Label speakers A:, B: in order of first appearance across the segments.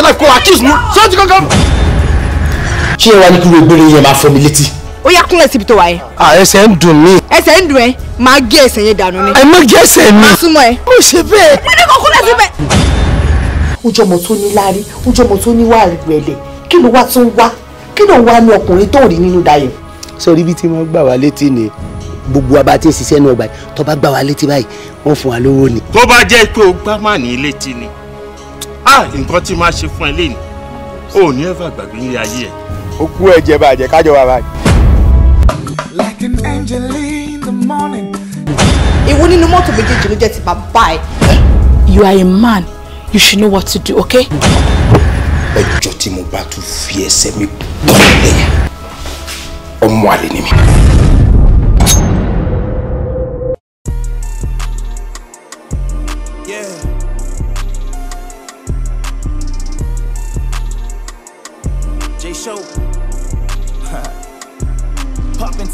A: your life kó accuse mu sọ́ọ́tì kankan. ṣé ẹ wá ní kí wọ́n gbére yẹn máa fọ́ mi létí. ó yá kúnlẹ̀ síbi tó wà yẹn. à ẹsẹ̀ ń dùn mí. ẹsẹ̀ ń dùn ẹ máa gé ẹsẹ̀ yẹn dànù ni. ẹ má gé ẹsẹ̀ mi. má súnmọ́ ẹ. mo ṣe bẹ́ẹ̀. mo ní kó kúnlẹ̀ síbẹ̀. ojú ọmọ tó ní láárí ojú ọmọ tó ní wà rẹ̀lẹ̀ kí ló wá tó wá kí ló wá ní ọkùnrin tó rí nínú dayọ̀. sọ ibi tí wọ́n gbà wá létí ni gbogbo abá tí ń ṣiṣẹ́ náà gbà tó bá gbà wá létí báyìí wọ́n fún wa lówó ni.
B: tó bá jẹ́ pé o gbá mà ní létí ni nǹkan tí máa ṣe fún ẹ lẹ́yìn o ò ní ẹ̀fà gbàgbé ní ayé ẹ.
C: ó kú ẹ̀jẹ̀ bàjẹ́ kájọ wa báyìí. like an angel
D: in the morning. ìwú nínú mọ́tò méjèèjì ló jẹ́ ti bàbá ẹ̀. you are a man
A: you should know what to do okay. ọjọ́ tí mo bá tún fi ẹsẹ̀ mi bọ́ lẹ́yìn ọmọ àlè ni mi.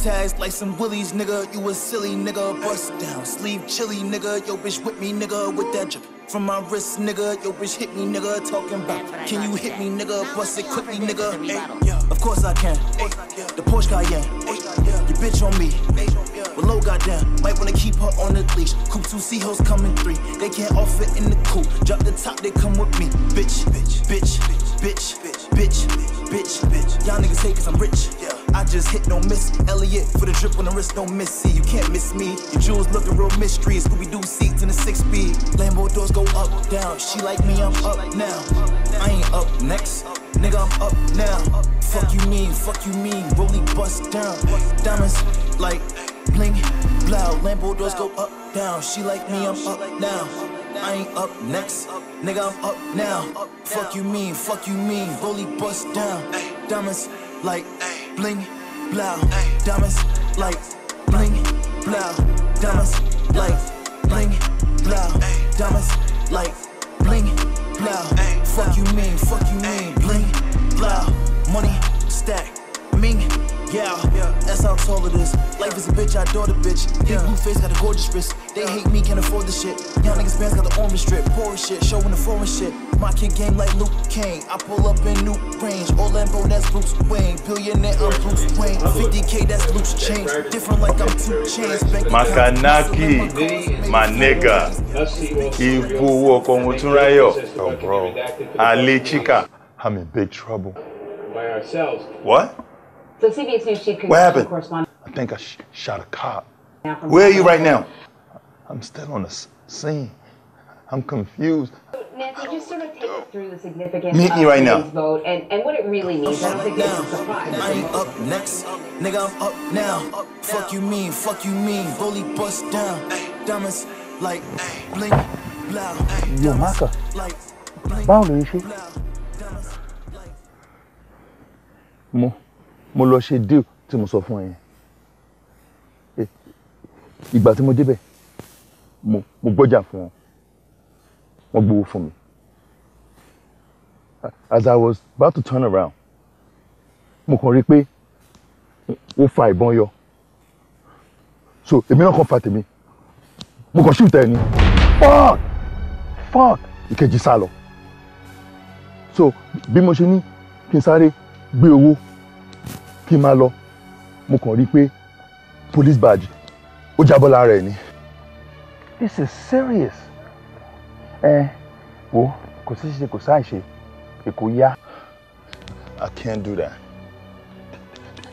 E: tags like some willies, nigga. You a silly nigga. Bust down, sleeve chilly, nigga. Yo, bitch with me, nigga, with that drip. From my wrist, nigga, yo bitch hit me, nigga, talking about, Can you hit me, nigga? Bust it quickly, nigga. Ay, of course I can. the Porsche Cayenne. yeah. your bitch on me. Well, low goddamn, might wanna keep her on the leash. Coop two Seahawks coming three. They can't all fit in the coop. Drop the top, they come with me. Bitch, bitch, bitch, bitch, bitch, bitch, bitch, Y'all niggas hate cause I'm rich. I just hit no miss. Elliot for the drip on the wrist, don't miss. See, you can't miss me. Your jewels looking real mystery. Scooby Doo seats in the six speed. Lambo doors go up, down. She like me, I'm up now. I ain't up next. Nigga, I'm up now. Fuck you mean, fuck you mean. Rolly bust down. Diamonds like bling, loud. Lambo doors go up, down. She like me, I'm up now. I ain't up next. Nigga, I'm up now. Fuck you mean, fuck you mean. Rolly bust down. Diamonds like bling, loud. Diamonds like bling, loud. Diamonds like bling, loud. Diamonds like bling, blow. Fuck you mean, fuck you mean, bling, blow. Money stack, ming, yeah, that's how tall it is. Life is a bitch, I adore the bitch. Big blue face got a gorgeous wrist. They hate me, can't afford the shit. Young niggas bands got the orange strip, Poor shit, showing the foreign shit. My kid game like Luke Kane. I pull up in new range. Orlando, that's Bruce Wayne. Billionaire, I'm Bruce Wayne. 50k, that's Luke's change. Different like I'm two chains.
F: Makanaki, my nigga. Ibu Okomuturayo. Oh, bro. Ali Chika. I'm in big trouble. By ourselves. What?
G: So CBS News Chief what happened? Correspondent.
F: I think I sh shot a cop. Where are you right now? I'm still on the scene. I'm confused.
B: Nancy,
H: just sort of
E: take us through the significance Meet me right now. vote and, and what it really means. I don't think this is a surprise. I am up next. Nigga, I'm up now. Fuck you mean, fuck you mean. Bully bust down. Diamonds like blink, loud. Yo, Maka.
B: Boundary like,
F: Come on. mo lọ ṣe deal tí mo sọ fún ẹ e, ìgbà tí mo débẹ̀ mo mo gbọ́jà fún wọn gbowó fún mi as I was about to turn around mo kàn rí i pé ó fa ìbọn yọ so èmi náà kàn fa tèmi mo kàn ṣùtà ẹni
B: fuck fuck
F: ìkejì sá lọ so bí mo ṣe ní kí n sáré gbé owó kí n máa lọ mo kàn rí i pé police badge ó jábọ́ lára ẹ̀ ni. this is serious. ẹ wo kò sí ṣe kò sáà èkó yá. I can't do that.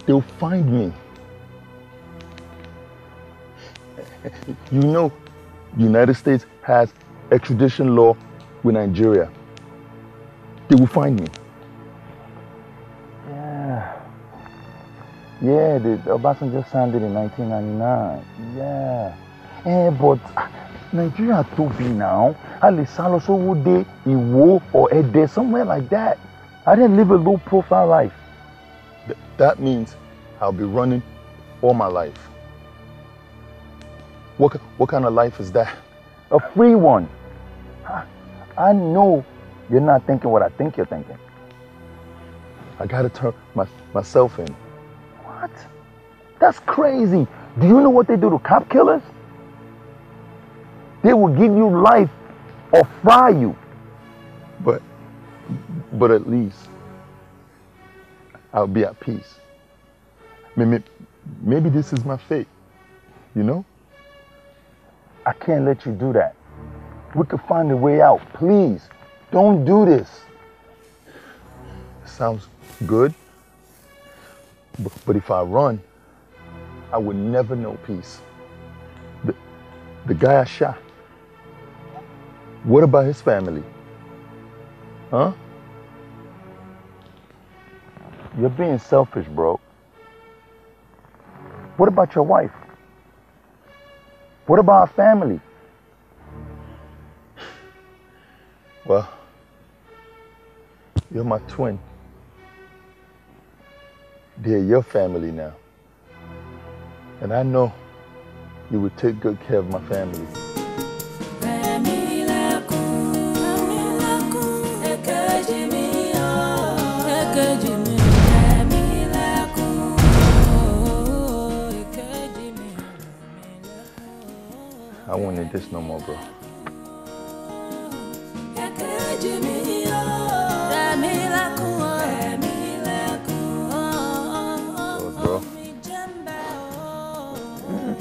F: They will find me. You know, the United States has extradition law with Nigeria. They will find me. Yeah, the Obasanjo sounded in 1999. Yeah. Eh, but ah, Nigeria be now. A lè sá lọ in war or day somewhere like that. I didn't live a low profile life. Th that means I'll be running all my life. What, what kind of life is that? A free one. I know you're not thinking what I think you're thinking. I gotta turn my, myself in. What? That's crazy. Do you know what they do to cop killers? They will give you life or fry you. But, but at least I'll be at peace. Maybe, maybe this is my fate, you know? I can't let you do that. We could find a way out. Please, don't do this. Sounds good. But if I run, I would never know peace. The, the guy I shot, what about his family? Huh? You're being selfish, bro. What about your wife? What about our family? Well, you're my twin. They're your family now. And I know you will take good care of my family. I won't need this no more, bro.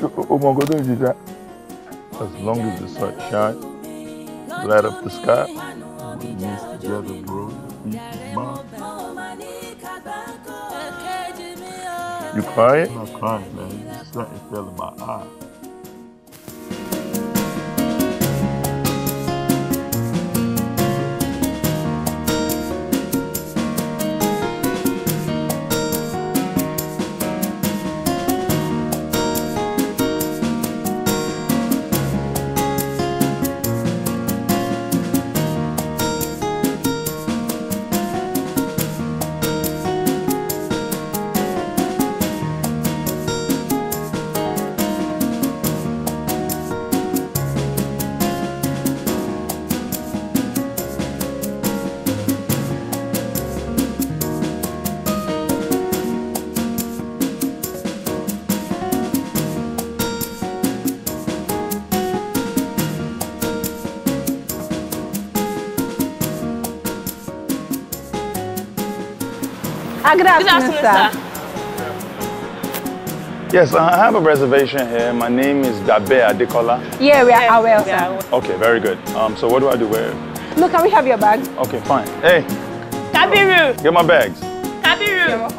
F: o mọ nǹkan tó ń ṣiṣẹ́ as long as the sun shines, light up the sky we need to get the You crying? I'm not crying, man. There's something fell in my eye.
H: Good afternoon,
G: sir.
F: Yes, uh, I have a reservation here. My name is Dabe Adekola.
G: Yeah, we are aware, sir.
F: Okay, very good. Um, so what do I do where?
G: No, can we have your bag?
F: Okay, fine. Hey. Kabiru. Get my bags. Kabiru.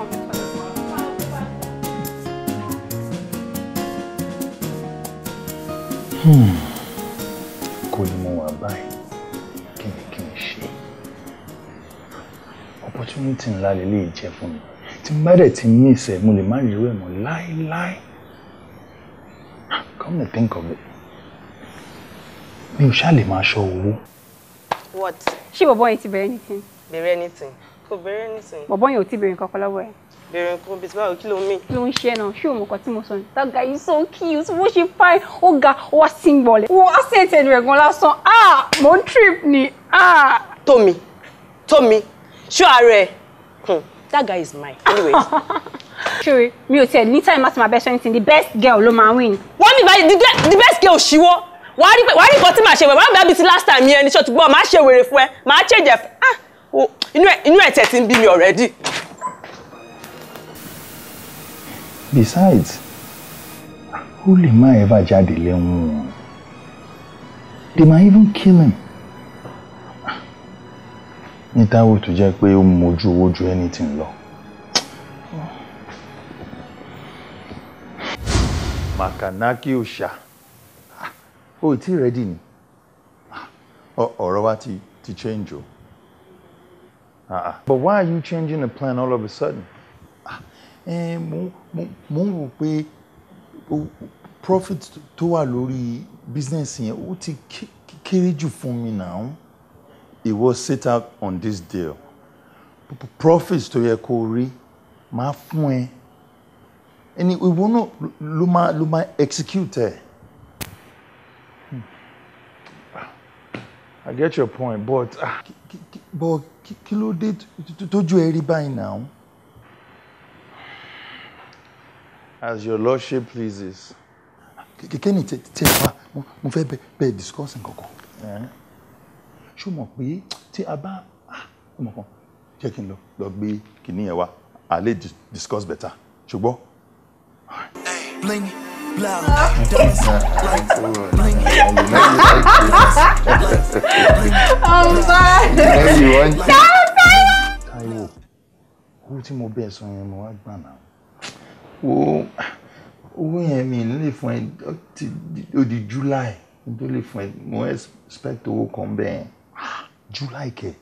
F: Hmm. opportunity ńlá lélẹ́yìí jẹ́ fún mi tí n bá dẹ̀ ní ìṣẹ́ mo lè má rí irú ẹ̀ mọ́ come to think of it mi ò ṣáà lè máa ṣọ owó.
G: what. ṣé bọ̀bọ̀ yẹn ti bẹ̀rẹ̀ anything. bẹ̀rẹ̀ anything kò bẹ̀rẹ̀ anything. bọ̀bọ̀ yẹn ò tí bẹ̀rẹ̀ nǹkan kan lọ́wọ́ ẹ̀ bẹ̀rẹ̀ nǹkan bíi báwo kí ló ń mì. kí ló ń ṣe náà ṣé òun kọ tí mo sọ ní. that guy is so cute bó ṣe fine ó ga ó wá sí gbọ̀lẹ̀. wo accent ẹnu rẹ̀ gan lásán ah mo ń trip ni ah. tómi tómi ṣó ara ẹ̀ Hmm. That guy is mine. Anyway. Sure, me ò tiẹ̀ ní time àti my best friend the best girl ló máa win. What mi báyìí the best girl ṣíwọ́. Wàá Why wàá rí nǹkan tí màá ṣe wẹ̀ wàá bẹ̀rẹ̀ bíi ti last time yẹn ni ṣọ́ọ̀tù gbọ́ màá ṣe wèrè fún ẹ My change ẹ̀ ah you know, you know tẹ̀ ti ń already.
F: Besides, who lè má ever jáde lẹ́wọ̀n. They might even kill him ní Táíwò tó jẹ́ pé ó mojú owó ju anything lọ. Màkànákì òṣà ó ah, tí ì ni ah, ọ̀rọ̀ wa ti ti change o. Ah, But why are you changing the plan all of a sudden? Mo ń wò pé profit tó wà lórí business yẹn ó ti kéré jù fún mi náà ìwọ sit out on this deal profits tó yẹ kó rí máa fún ẹ ẹni ìwọ náà ló máa ló máa execute ẹ. I get your point but ah. but kí ló dé tójú ẹ rí báyìí náà. As your lordship pleases. Kìkì ní tẹ́lifà mo fẹ́ bẹ́ẹ̀ discuss nǹkan kan. Eh? ṣó mọ̀ pé tí a bá ọmọ ah, kan jẹ́ kí n lọ lọ gbé kìíní yẹn a lè discuss better ṣùgbọ́n.
H: bling blow dance like bling.
F: owó tí mo bẹ́ẹ̀ sọ yẹn mo wá gbà náà wo owó yẹn mi lè fún ẹ ó di July n tó lè fún ẹ mo expect owó kan bẹ́ẹ̀ july kẹ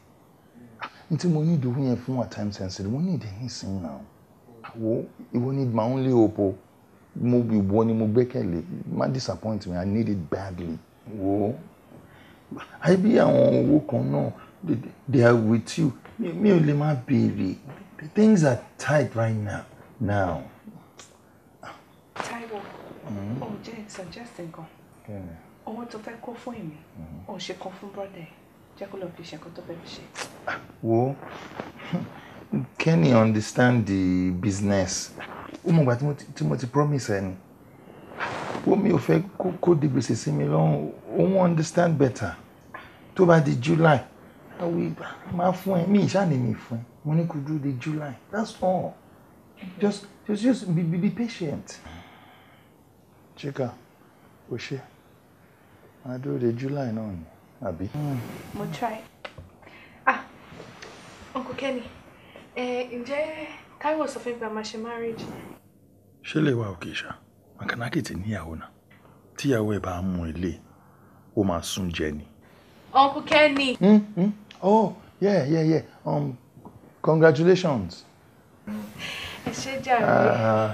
F: ah, nti mo need ohun yẹn fún wa time sensitive mo need ẹyin sin na wo ìwọ need my only hope o mo ìwọ ni mo gbẹ́kẹ̀lé má disappoint me i need it badly wo àyè bí àwọn owó kan náà they are with you mi ò lè má The things are tight right now now.
A: Táíwò ó hmm? jẹ́ suggesting
D: kan owó tó fẹ́ kó fún èmi ó hmm. ṣe kan fún brọ́dẹ̀ jẹ́ kó lọ fi ṣe nǹkan tó fẹ́ ṣe.
F: wo kenny understand the business ó mọ̀gbà tí mo ti promise ẹni wo mi ò fẹ́ kó di gbèsè sí mi lọ́rùn òun understand better tó bá di july àwọn ìgbà máa fún ẹ mi ìṣàní mi fún ẹ mo ní kó dúró di july that's all just just just be be, be patient. chika o ṣe máa dúró de july náà ni. Abi, hmm,
D: mo try ah uncle Kenny ǹjẹ́ Táíwò sọ fún mi pé a máa ṣe marriage.
F: ṣé lè wá òkè ṣá màkànákì ti níyàwó náà tíyàwó ẹ bá mú ilé ó máa sún jẹ ni.
H: uncle Kenny. Mm,
F: hmm. oh yeah yeah yeah um, congratulations.
D: ẹ ṣé jàre. Ah, ah.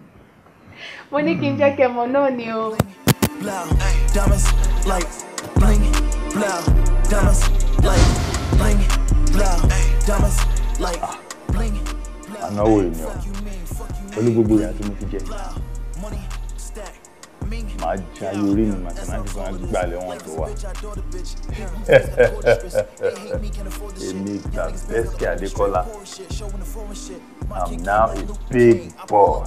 D: mo ní kí n jẹ́ kẹ́ náà ni o.
E: Diamonds like bling, blow, diamonds, like bling, blow, diamonds, like bling, blow.
F: Ànáwó ènìyàn, pẹ̀lú gbogbo ìyà tí mo ti jẹ, màá já yorí mi màá sì máa ti fún agbálẹ̀ wọn tó wà. Èmi Gbàgbẹ́sì Adékọ́lá, I'm now a big boy.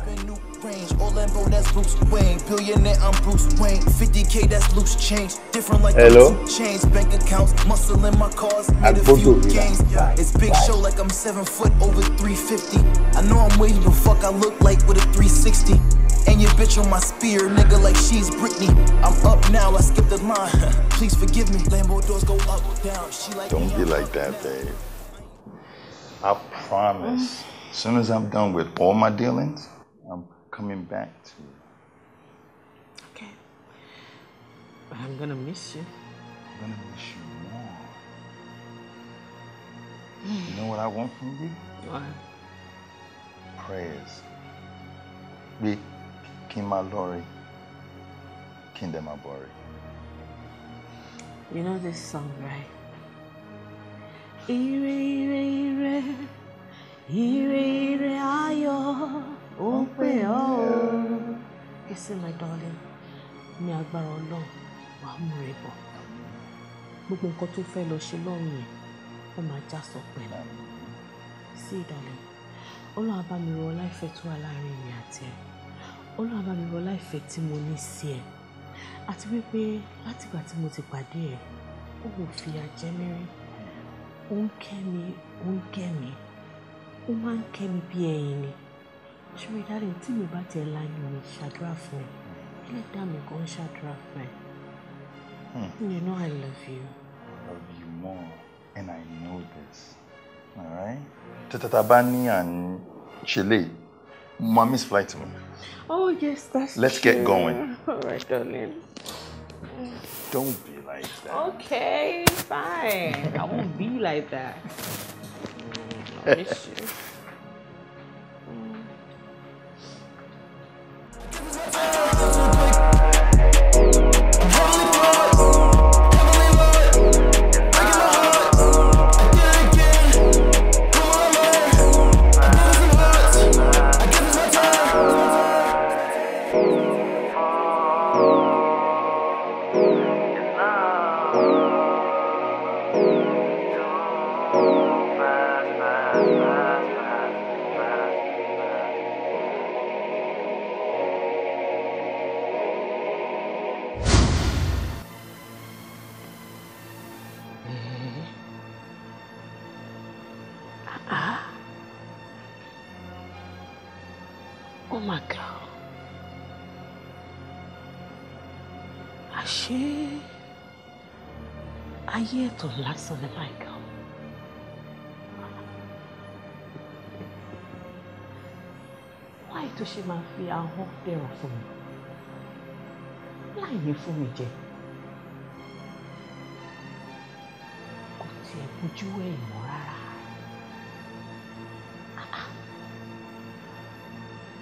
E: range. Orlando, that's Bruce Wayne. Billionaire, I'm Bruce Wayne. 50k, that's loose change. Different like Hello. chains, bank accounts, muscle in my cars, made a few gains. It's big show like I'm seven foot over 350. I know I'm wavy, but fuck, I look like with a 360. And your bitch on my spear, nigga, like she's Britney. I'm up now, I skipped the line. Please forgive me. Lambo doors go up, or down. She like Don't be
F: like that, babe. I promise. As soon as I'm done with all my dealings, coming back to you. Okay. But
D: I'm gonna miss you. I'm gonna miss you more.
F: You know what I want from you? What? Prayers. Be Kima Lori, Kingdom Abori.
D: You know this song, right? Ire, ire, ire, ire, ire, ayo. ó ń pè ọ́ you see my darling ní agbára ọlọ́run wàá mú rẹ bọ̀ gbogbo nǹkan tó fẹ́ lọ ṣe lọ́rùn yẹn ó máa já sọ pẹ̀lú sí darling ọlọ́run bá mi rọ láìfẹ́ tó wà láàrin èmi àti ẹ̀ ọlọ́run bá mi rọ láìfẹ́ tí mo ní sí ẹ̀ àti wípé látìgbà tí mo ti pàdé ẹ̀ ó wò fìyà jẹ mí rí ó ń kẹ́ mi ó ń kẹ́ mi ó máa ń kẹ́ mi bí ẹyin ni ṣùgbọ́n ìdáre tí mi bá tẹ̀ láyọ̀ mi ṣàdúrà fún ẹ ẹlẹ́dàá mi kan ṣàdúrà fún ẹ. Hmm. You know I love you. I
F: love you more and I know this. Alright? Tata bá ní à ń ṣe léyìí, flight mi.
H: Oh yes, that's Let's get
D: going. All oh, right, darling. Don't be like that. Okay, fine. I won't be like that.
A: to lásán ní báyìí kan.
D: wáyé tó ṣe máa fi ahọ́n fẹ́ràn fún mi láì ní fún mi jẹ kò tiẹ̀ bójú ẹ̀yìn mọ́ rárá.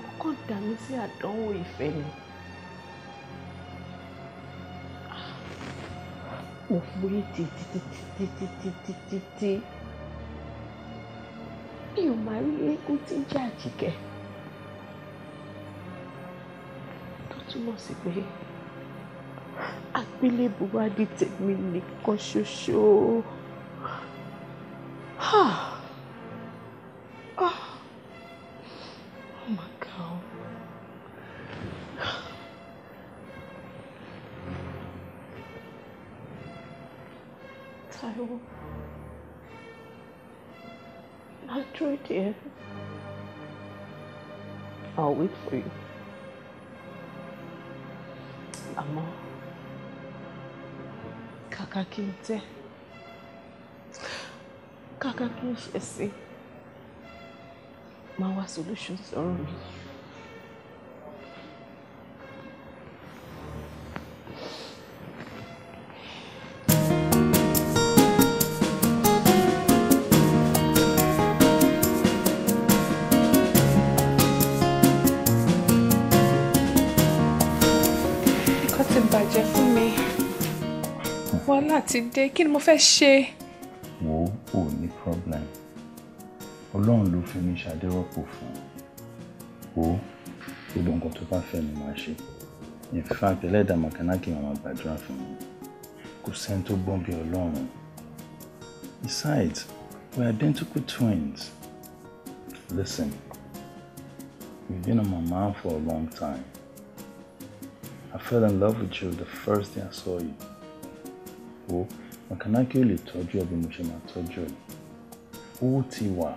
D: ó kàn dá mi sí àdánwò ìfẹ́ mi. mo forí tì tì tì tì tì tì tì tì tì mi ò máa rí eégún tí ń jẹ́ àjìkẹ́ Ah. true. That's true, dear. I'll wait for you. Àmọ́, kàkà kí n tẹ́, kàkà kí n ṣe sí, ti dé kí ni mo fẹ́ ṣe.
F: wo ò ní problem ọlọ́run ló fi mí ṣàdérọ́pò fún wo gbogbo nǹkan tó bá fẹ́ ni màá ṣe in fact ẹlẹ́dàá màkànáàkì màmá gbàdúrà fún mi kò sẹ́ni tó gbọ́n bí ọlọ́run besides we are identical twins listen you've been on my mind for a long time I fell in love with you the first day I saw you. wo Màkànákì ò lè tọ́jú ẹ bí mo ṣe máa tọ́jú ẹ ti wà.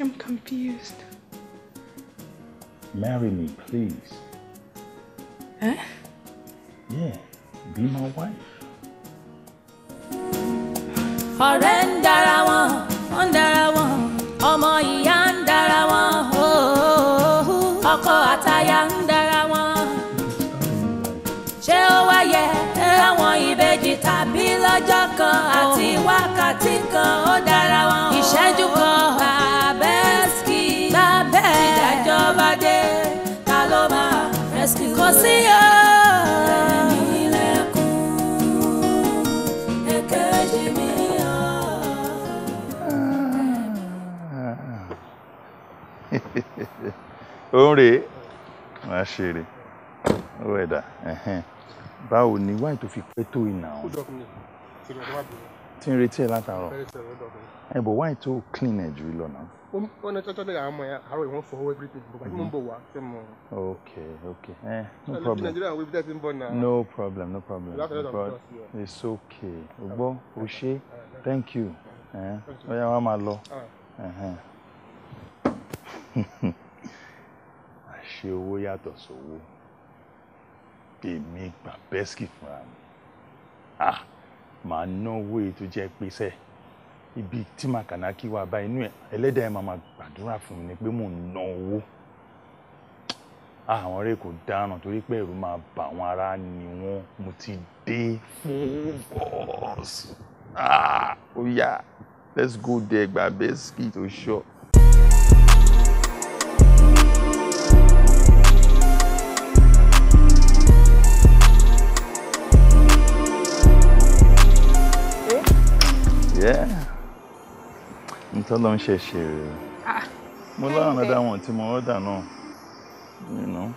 D: I'm confused.
F: Marry me, please.
E: Huh? Yeah, be my wife.
H: Alright. pọ̀ sí o.
F: òun rèé wàá ṣeré ó ẹ̀dá báwo ni wáyé tó fi pẹ́ tó ìnà ọ̀
B: tí ń retí ẹ̀ látàárọ̀
F: ẹ̀ bọ̀ clean ẹ̀ jù lọ
B: ó ní tọ́jọ́ lẹ́yìn àwọn ọmọ yẹn àárọ̀ ìwọ̀n fọwọ́ everything bùkà tí mo wá ṣe mọ̀.
F: ok ok eh, no problem no problem no problem but it's okay o gbọ́ o ṣe thank you ọ̀yà eh, wa máa lọ. àṣe owó yàtọ̀ sówó èmi gbà bẹ́sìkì fúnra mi ah, màá náwó èyí tó jẹ́ pé sẹ́ẹ̀ ibi tí màkànákì wà bá inú ẹ̀ ẹ̀ máa gbàdúrà fún mi ni pé mò ń ná owó ah, àwọn ọ̀rẹ́ kò dáràn torí pé ẹ̀rù máa bà wọ́n ara ni wọ́n mo ti dé fún bọ́ọ̀sì ah, ó let's go there gba bẹ́sìkì tó ṣọ́. Yeah nítorí ló ń ṣe ṣe rè o ah, mo láwọn ọ̀dà wọn tí mo ọ̀dà náà you know.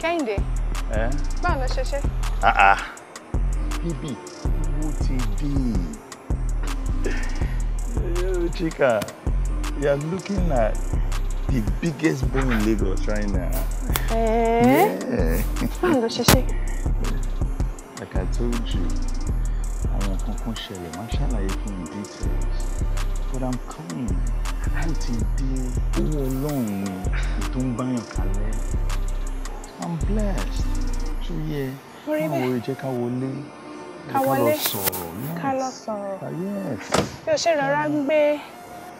D: Kẹ́hìndé báwo ló ṣe
F: ṣe. Ah, ah. bíbí mo ti dé Chika you are looking at the biggest boom in Lagos right now.
D: Eh? Yeah.
F: Like I told you, I want to kan ṣẹlẹ̀, máa ṣàlàyé like in details. But I'm coming. Láì ti dé owó ọlọ́run mi tó ń báyàn kalẹ̀.
A: I'm blessed. Ṣé o yẹ? Orí bẹ́ẹ̀. Àwọn
F: òrìjẹ́ ká wọlé. Ká wọlé. Ká lọ sọ̀rọ̀. Ká
A: lọ sọ̀rọ̀. Ah, yes.
D: Bí o ṣe rọra ń gbé.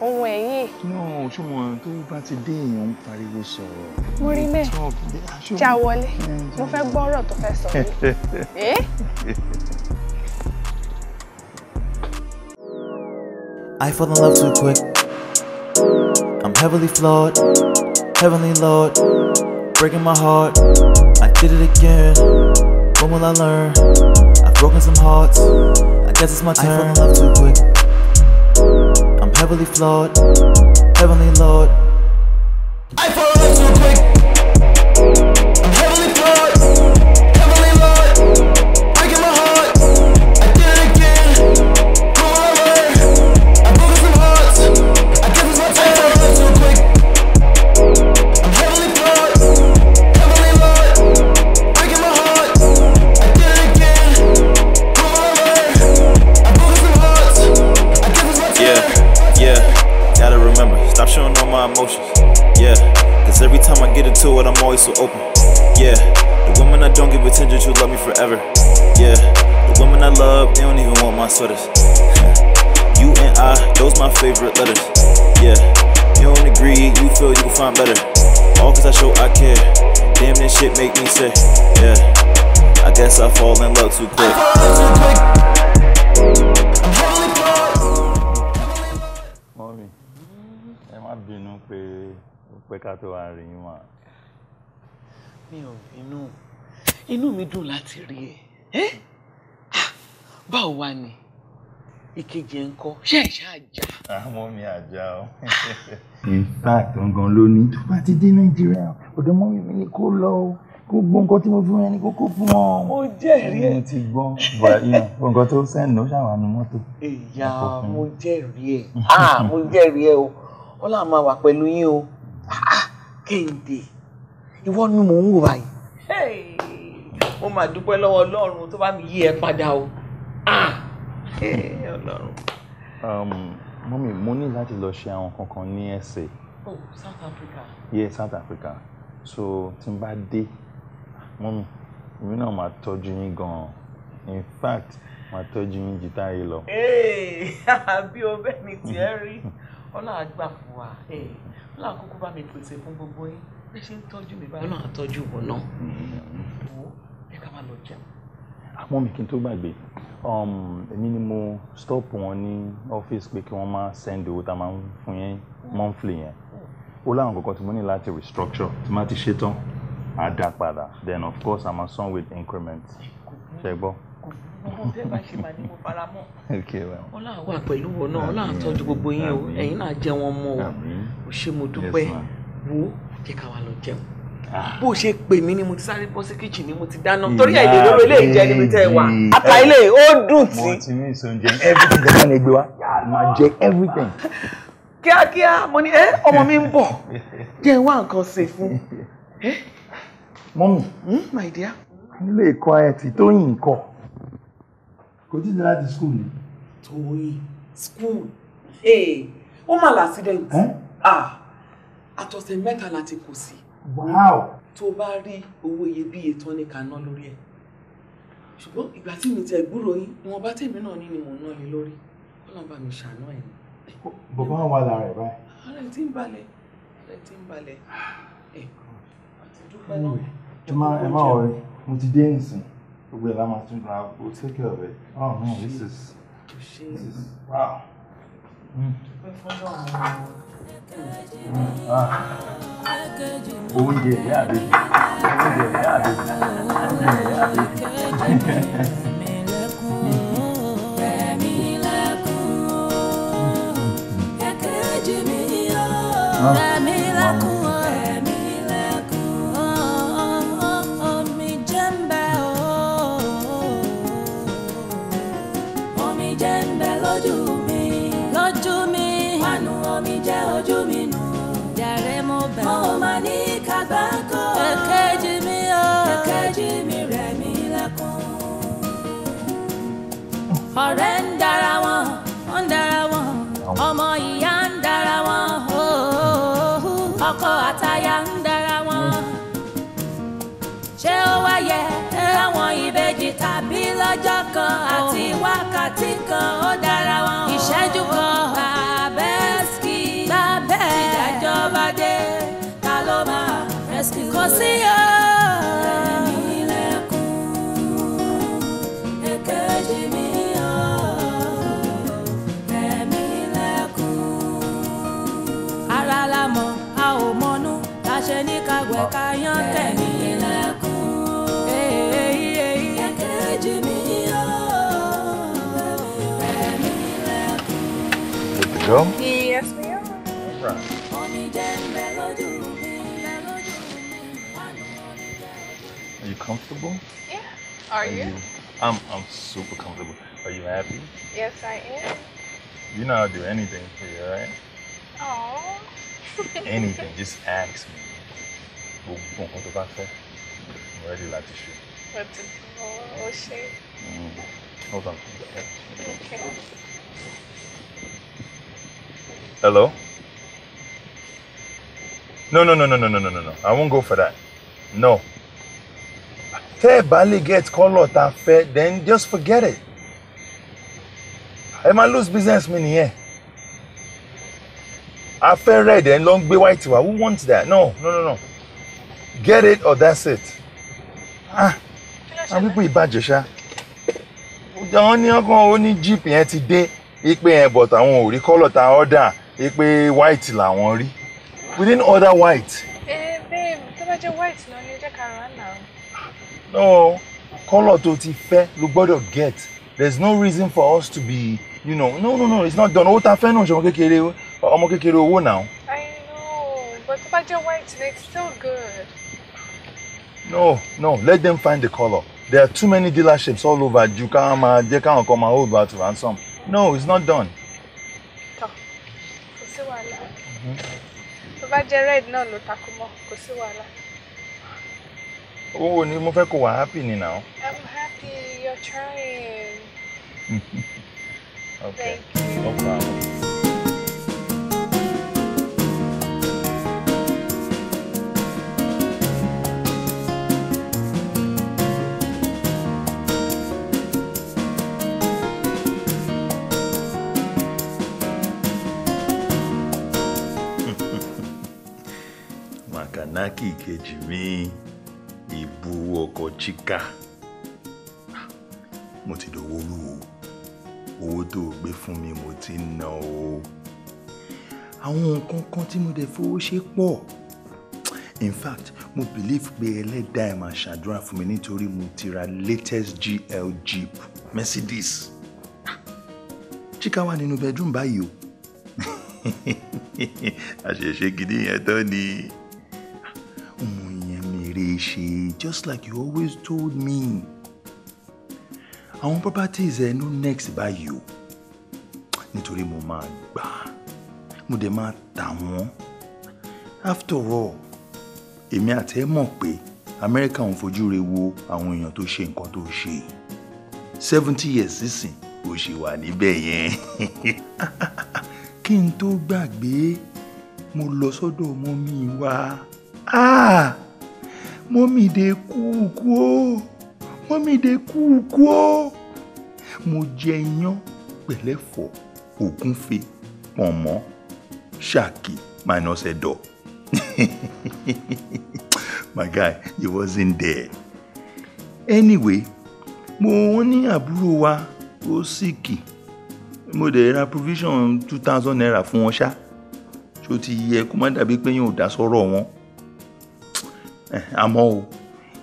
F: ohun tó bá ti dé ń pariwo sọ̀rọ̀. mo rí
D: já wọlé mo fẹ́ gbọ́ ọ̀rọ̀ tó fẹ́ eh?
E: I fall in love too quick. I'm heavily flawed, heavenly Lord, breaking my heart. I did it again. When will I learn? I've broken some hearts. I guess it's my turn. I fall in love too quick heavily flawed, heavenly Lord.
H: I fall so quick.
E: my emotions. Yeah, cause every time I get into it, I'm always so open. Yeah, the women I don't give attention to love me forever. Yeah, the women I love, they don't even want my sweaters. you and I, those my favorite letters. Yeah, you don't agree, you feel you can find better. All cause I show I care. Damn, this shit make me sick. Yeah, I guess I fall in love too quick.
F: pẹ́ ká tó wá rí yín
A: mi ò bínú inú mi dùn láti rí ẹ báwo wá ni ìkejì ẹ ń kọ ṣé ẹ ṣáà já.
F: àmọ́ ah, mi àjà o. in fact gangan ló ní tó bá ti dé nàìjíríà ọ̀dọ̀ mọ́ mi ni kó lọ o gbogbo nǹkan tí mo fún ẹni kókó fún wọn. mo jẹ́rìí ẹ̀. mo ti gbọ́ bọ̀ nǹkan tó sẹ́ni ló ṣàwánú mọ́tò.
A: ìyá mo jẹ́rìí ẹ̀ ah, mo jẹ́rìí ẹ̀ o ọlọ́run máa wà pẹ̀lú yín o. Ah, Kẹ́hìndé ìwọ ni mò ń wò
H: báyìí.
A: mo máa dúpẹ́ lọ́wọ́ Ọlọ́run tó bá mi yí ẹ padà o ah, Ọlọ́run.
F: Um, mọ́mí mo ní láti lọ ṣe àwọn kankan ní ẹ̀sẹ̀.
A: oh
H: South Africa.
F: yeah South Africa so tí n bá dé mọ́mí èmi náà máa tọ́jú yín gan-an in fact máa tọ́jú yín jù táyé lọ.
A: bí o bẹ́ẹ̀ ni tiẹ̀ rí ọlọ́run á fún wa. Hey ọlọ́run kúkú bá mi pèsè fún gbogbo yín bí ṣe ń tọ́jú mi báyìí ọlọ́run àtọ́jú wọn náà wò ó ẹ ká má lọ jẹun.
F: àmọ́ mi kí n tó gbàgbé um, èmi ni mo stop wọn ní ọ́fíìsì pé kí wọ́n má send owó tá a máa ń fún yẹn monthly yẹn ó láwọn kankan tí mo ní láti restructure tí má ti ṣe tán á dá padà then of course I'm a son with increment
A: ṣe gbọ́ ọmọ bẹ́ẹ̀ bá ṣe máa ní mo fara mọ́. ọlá wà pẹ̀lú wọn náà ọlá àtọ́jú gbogbo yín o ẹ̀yin náà jẹ́ wọn mọ́ o ò ṣe mo dúpẹ́ wo jẹ́ ká wa lọ jẹun ah. bó ṣe pè mí ni mo ti sáré bọ́ sí kíchìn ni mo ti dáná torí ẹ̀ lè lóró ilé ìjẹ níbi tẹ́ ẹ
F: wà ata ilé
A: ó dùn tí.
F: mo ti ní ìsọ̀njẹ everything tó bá ní gbé wa máa jẹ everything.
A: kíákíá mo ní ẹ ọmọ mi ń bọ̀ jẹ́ n wá nǹkan ṣe fún. mọ́mì hmm, my dear. ilé ìkọ́
F: ayẹ̀tì tó yìn kọ́ kò tí ì dé láti school ni. Tóyìn
A: school eh, ó mà l'accident ah, àtọ̀sẹ̀ mẹ́ta láti kò sí. tó bá rí owó iyebíye tán ní kaná lórí ẹ̀ ṣùgbọ́n ìgbà tí mi tẹ̀ gbúrò yín ìwọ̀n bá tèmi náà ní ni mò ń ná lé lórí ọlọ́run bá mi ṣàánú ẹ̀ ni.
F: bàbá wa wà lára ẹ̀ báyìí.
A: ara ẹ̀ ti ń balẹ̀ ara ẹ̀ ti ń balẹ̀ ẹ̀
F: àti dúpẹ́ náà. ẹ má ẹ mo ti dé ìsìn. We'll allow my will take care of it. Oh man, Shame. this is Shame. this is wow. Mm. Mm. Ah.
H: Oúnjẹ ìyá yeah, Oúnjẹ ìyá Yeah, yeah, baby. àbèjì. Mami, ọ̀rẹ́ ń dára wọn ń dára wọn ọmọ ìyá ń dára wọn ọkọ àtaya ń dára wọn ṣé ó wáyẹ láwọn ìbejì tàbí lọ́jọ́ kan àti wákàtí kan ó dára wọn ìṣẹ́jú kan bàbẹ́sì bàbẹ́ ìdájọ́ bá dé ta ló máa rẹ́sìkì kò sí yóò. ọkà yán Go? Yes, we are. All right.
F: Are you comfortable? Yeah. Are, you? you? I'm I'm super comfortable. Are you happy?
H: Yes, I am.
F: You know I'll do anything for you, right?
H: Oh. anything.
F: Just ask me. gbogbo nǹkan tó bá fẹ́ mo láti ṣe. ó ṣe. Mm-hmm. hello. no no no no no no no no I won't go for that no. tẹ́ ẹ̀ bá lè get kọ́lọ̀ tá a fẹ́ then just forget it ẹ máa lose business mi nìyẹn a fẹ́ red ẹ̀ ń lọ gbé white wá who wants that no no no no get it or that's it. ah àwọn pípọ̀ ìbàjẹ́ ṣá àwọn ní ọkàn ó ní jíìpù yẹn ti dé ipe yẹn but àwọn ò rí kọ́lọ̀ tá ọ̀dà ipe white làwọn rí we didn't order white.
D: ẹ eh, babe tó bá jẹ́ white náà ni ẹ jẹ́ ká rà
F: no kọ́lọ̀ tó ti fẹ́ ló gbọ́dọ̀ get there's no reason for us to be you know no no no it's not done owó tá a fẹ́ náà ṣe ọmọ kékeré ọmọ kékeré owó náà. I
D: know but tó bá jẹ́ white
H: then it's still good
F: no no let them find the color. there are too many dealerships all over Jukama. káwọn máa jẹ́ káwọn kan máa hold out no it's not done.
D: tọ kò sí
F: wàhálà tó happy now.
D: i'm happy you're trying.
B: okay. Thank you. No problem.
F: ànákì kejì mi ìbu ọkọ̀ chika mo ti dòwó olúwo owó tó o gbé fún mi mo ti ń o àwọn nǹkan kan tí mo dẹ̀ fowó ṣe pọ̀ in fact mo believe pé ẹlẹ́dàá ẹ̀ máa ṣàdúrà fún mi nítorí mo ti ra latest GL Jeep Mercedes chika wà nínú bedroom báyìí o àṣẹ̀ṣẹ̀ gidi yẹn tán ni rere just like you always told me àwọn properties ẹ no next by you. nítorí mo máa gbà mo dẹ̀ máa tà wọ́n after all èmi àti ẹ mọ̀ pé amẹ́ríkà ń fojú re wo àwọn èèyàn tó ṣe nǹkan tó ṣe seventy years sísìn ó ṣe wà níbẹ̀ yẹn kí n tó gbàgbé mo lọ sọ́dọ̀ ọmọ mi wá. Ah! mọ́mì de kúùkú o mọ́mì de kúùkú o mo jẹ iyán pẹ̀lẹ́fọ̀ ògúnfe pọ̀nmọ́ ṣáàkì minus ẹ̀dọ̀ my guy he wasn't there anyway mo ní àbúrò wa ó síkì mo dẹ̀ ra provision two thousand naira fún wọn ṣá tó ti yẹ kó má dàbí pé yóò dá sọ́rọ̀ wọn. Eh, àmọ́ o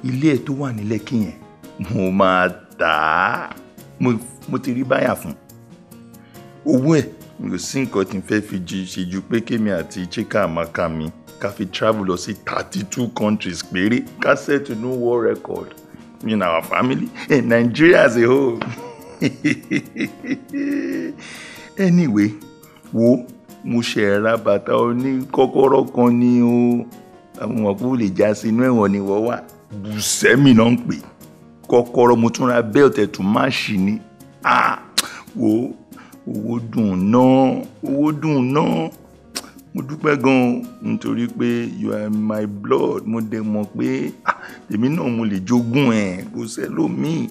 F: ilé ẹ̀ tó wà ní Lẹ́kì yẹn mo máa tà á mo ti rí báyà fún owó ẹ̀ kò sí nǹkan tí fẹ́ fi ṣe ju pé kémi àti chika amaka mi ká fi travel lọ sí thirty two countries péré ká set new world record in our family in Nigeria as a whole anyway wo mo ṣe ra bàtà oní kọ́kọ́rọ́ kan ni o àwọn ọmọ kó lè já sí inú ẹ̀wọ̀n ni wọ́n wà bùsẹ́mì náà ń pè kọ́kọ́rọ́ mo tún ra bẹ́ẹ̀tì ẹ̀tún má ṣì ni wo owó dùn náà owó dùn náà mo dúpẹ́ gan-an nítorí pé you are my blood mo dẹ̀ mọ̀ pé èmi náà mo lè jogún ẹ̀ kò sẹ́lómìn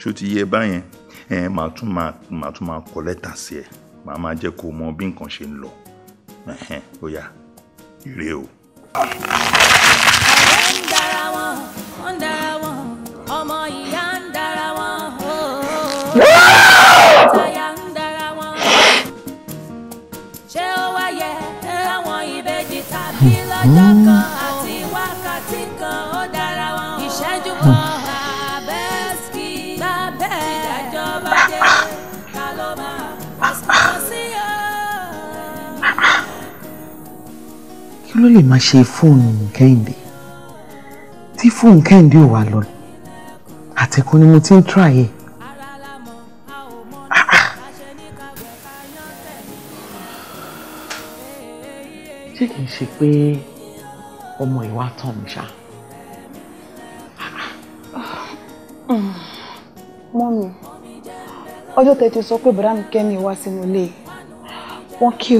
F: ṣó ti yẹ báyẹn ẹ̀ màá tún màá tún máa kọ lẹ́tà sí ẹ̀ màá máa jẹ́ kó mọ bí nǹkan ṣe ń lọ ó yá ire o ọ̀rẹ́ ń dára wọn ń
H: dára wọn ọmọ ìyá ń dára wọn ọ̀tàyà ń dára wọn ṣé ó wáyé láwọn ìbejì tàbí lọ́jọ́ kan.
A: ló lè máa ṣe fóònù kẹ́hìndé tí fóònù kẹ́hìndé ò wá lọ àtẹ̀kùn ni mo ti ń try ẹ̀. ṣé kìí ṣe pé ọmọ ìwà tàn mí ṣá. mọ́mi ọjọ́ tẹ́ ti sọ pé bàdá mi kẹ́ni wá sínú ilé wọ́n kí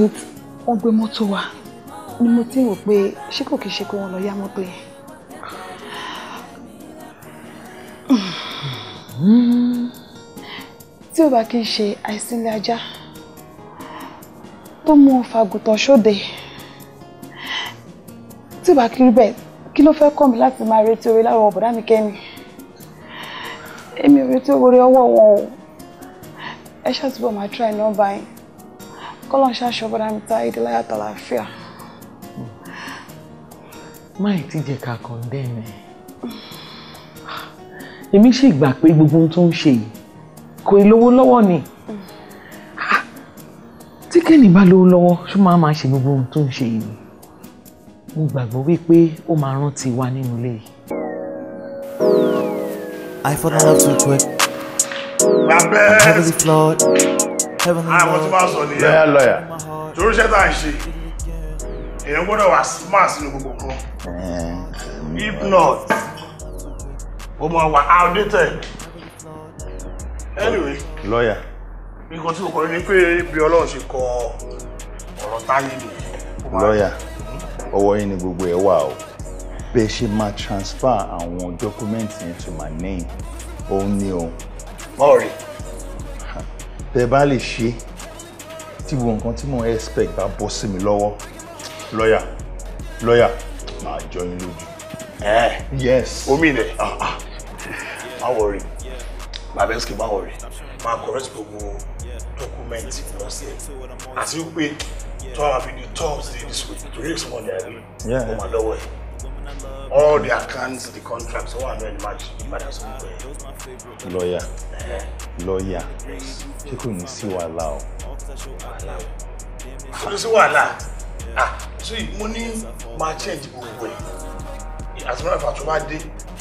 A: wọ́n gbé mọ́tò wá ni mo ti ń wò pé ṣé kò kìí ṣe pé wọ́n lọ yá mọ́tò yẹn. tí ò bá kí n ṣe àìsílẹ̀ ajá tó mú fagùtàn ṣóde tí ò bá kí rí bẹ́ẹ̀ kí ló fẹ́ kọ́ mi láti máa retí oore láwọn ọ̀bọ̀dá mi kẹ́ni èmi ò retí oore ọwọ́ wọn o ẹ ṣáà túbọ̀ máa try nọ́ọ̀bà yín kọ́lọ́n ṣáà ṣọ́bọ̀dá mi tá ìdílé àtàlàáfíà máì ti jẹ́ ká kọ̀ndẹ́mẹ̀ èmi ṣì gbà pé gbogbo ohun tó ń ṣe yìí kò lówó lọ́wọ́ ni tí kẹ́ni bá lówó lọ́wọ́ ṣó máa máa ṣe gbogbo ohun tó ń ṣe yìí mo gbàgbọ́ wípé ó máa rántí wa nínú ilé yìí. I fall in love too quick. Babẹ́ heavenly flawed.
E: Heavenly flawed. Àwọn tí wàá sọ nìyẹn. Lọ́yà lọ́yà.
B: Torí ṣẹ́ta ń ṣe èèyàn gbọ́dọ̀ wà smart sínú gbogbo kan eh, if not ó máa wà outdated anyway. lọ́ọ̀yà. nǹkan tí mo kọ́ ni pé bí ọlọ́run ṣe kọ ọ̀rọ̀ táyé ni.
F: lọ́ọ̀yà ọwọ́ yín ni gbogbo ẹ̀ wà o bẹ́ẹ̀ ṣe máa transfer àwọn documents into my name òun ni o. mọ́ọ̀rì. bẹ́ẹ̀ bá lè ṣe tí gbogbo nǹkan tí mo expect bá bọ́ sí mi lọ́wọ́ lọ́yà lọ́yà
B: máa jọ yín lójú. ẹ yes omi ilẹ̀ ah, ah. má wọrí babesky má wọrí máa correct gbogbo dọ́kúmẹ́ǹtì lọ́sẹ̀ àti wípé tó àwọn fi di thursday this week torí èso wọn ni àárín wọn máa lọ́wọ́ ẹ̀ all the accounts the contracts wọn hundred ẹni máa jù padà sórí pé. lọ́yà lọ́yà ṣé kò ní sí wàhálà o. kò ní sí wàhálà ah so mo ní máa change gbogbo ẹ̀ as matter of fact tó bá dé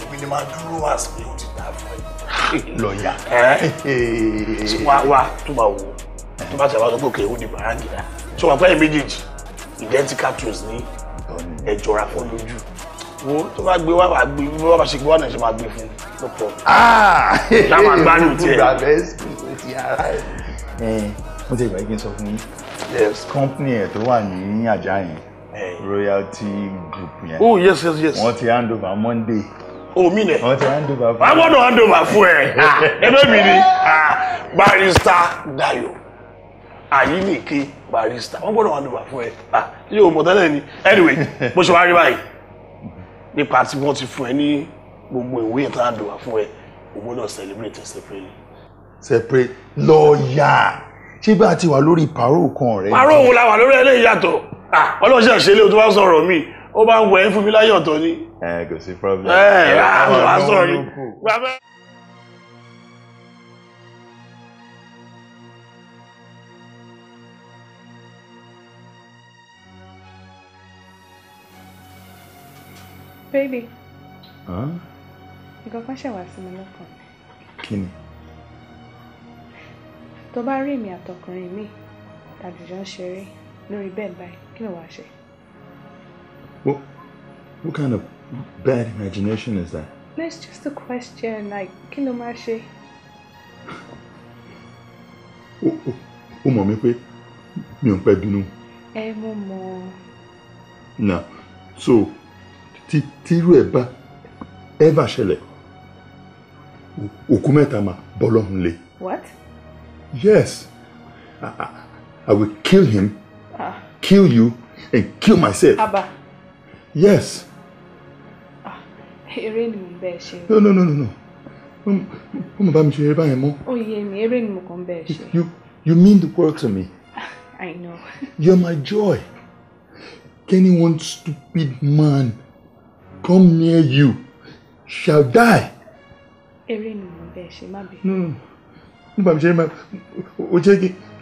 B: èmi ni máa dúró as pé o ti gbà fún ẹ. lọ́ọ̀yà wá wá tó bá wò tó bá tẹ̀wá sọ́kò kẹ́ ó di bàrángìdá tó wà pẹ́yìn méjèèjì identical twins ní ẹ̀jọ̀ra fọ́ lójú wo tó bá gbé wá wá gbé bí wọ́n bá ṣe gbé wá náà ṣe máa gbé fún no problem. Ah! ṣá máa gbádùn tiẹ̀.
F: Eh, mo ti gbà kí n sọ fún yín Yes, company ẹ̀ tó wà ní àjà yẹn eh. royalty group yẹn oh yes yes yes wọ́n ti hand over monday oh mi nẹ wọ́n ti hand over fún ẹ wọ́n náà hand over fún ẹ
B: ah, ẹgbẹ́ mi ni ah, barrister Dayo Ayinike barrister wọ́n gbọ́dọ̀ hand over fún ẹ ilé ah, ìwòmọ̀ tẹ́lẹ̀ ni anyway bó ṣe wá rí báyìí nípa tí wọ́n ti fún ẹ ní gbogbo ìwé yẹn hand over fún ẹ o gbọ́dọ̀ celebrate separately.
F: separate lọ́ọ̀yà ṣé bá a ti wà lórí pàrọ̀ kan
B: rẹ̀. pàrọ̀ òun la wà lórí ẹlẹ́yìí yàtọ̀ ah, ọlọ́ọ̀ṣẹ́ ìṣẹ́lẹ̀ tó bá sọ̀rọ̀ mi ó bá ń wẹ̀ ń fún mi láyọ̀ tọ́ ni. ẹ kò sí problem. ẹ ẹ wàá sọ̀rọ̀ ni.
D: Baby. Huh? Nǹkan kan ṣẹ̀wá sí mi lọ́kàn. Kí ni? tó bá rí èmi àtọkùnrin mi tàbí jọ ń ṣeré lórí bẹ́ẹ̀ báyìí kí ló wàá ṣe.
F: What, what kind of bad imagination is that?
D: That's just a question like kí ló máa ṣe.
F: ó mọ̀ mí pé mi ò ń pẹ́ bínú.
D: ẹ mo mọ̀.
F: na so ti, tírú ẹ bá ẹ bá ṣẹlẹ̀ òkú mẹ́ta ma bọ́ le. what. Yes. I, I will kill him, ah. kill you, and kill myself. Abba. Yes.
D: Ah, eré ni No, no, no, no,
F: no. Ó mọ̀ mi ṣe eré báyẹn mọ́.
D: Oh, mi, eré ni mo
F: You you mean the world to me.
D: Ah, I know.
F: You're my joy. Can one stupid man come near you shall die.
D: Eré ni mo ń
F: No, no nígbà mi ṣe máa o jẹ́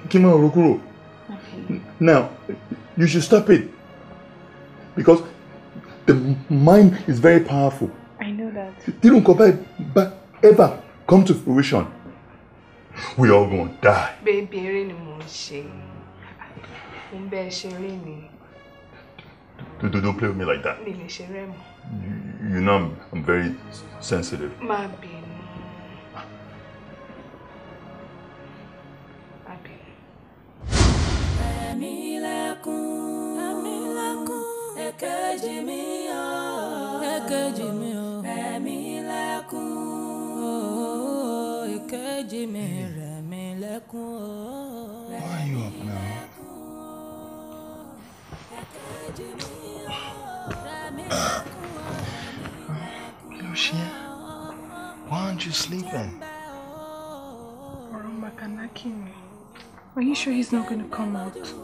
F: kí n máa ro kúrò now you should stop it because the mind is very powerful. I know that. tí nǹkan báyìí ever come to fruition we all gonna die.
D: bébí eré ni mo ń ṣe mo ń bẹ ṣeré ni.
F: Don't, don't play with me like that.
D: You,
F: you know I'm, I'm very sensitive.
D: Má bínú.
H: àmìlẹ́kùn àmìlẹ́kùn èkejì mi o you up now? Lucia, why aren't you sleeping?
D: Orun Makanaki mi. Are you sure he's not going to come
F: out? Michael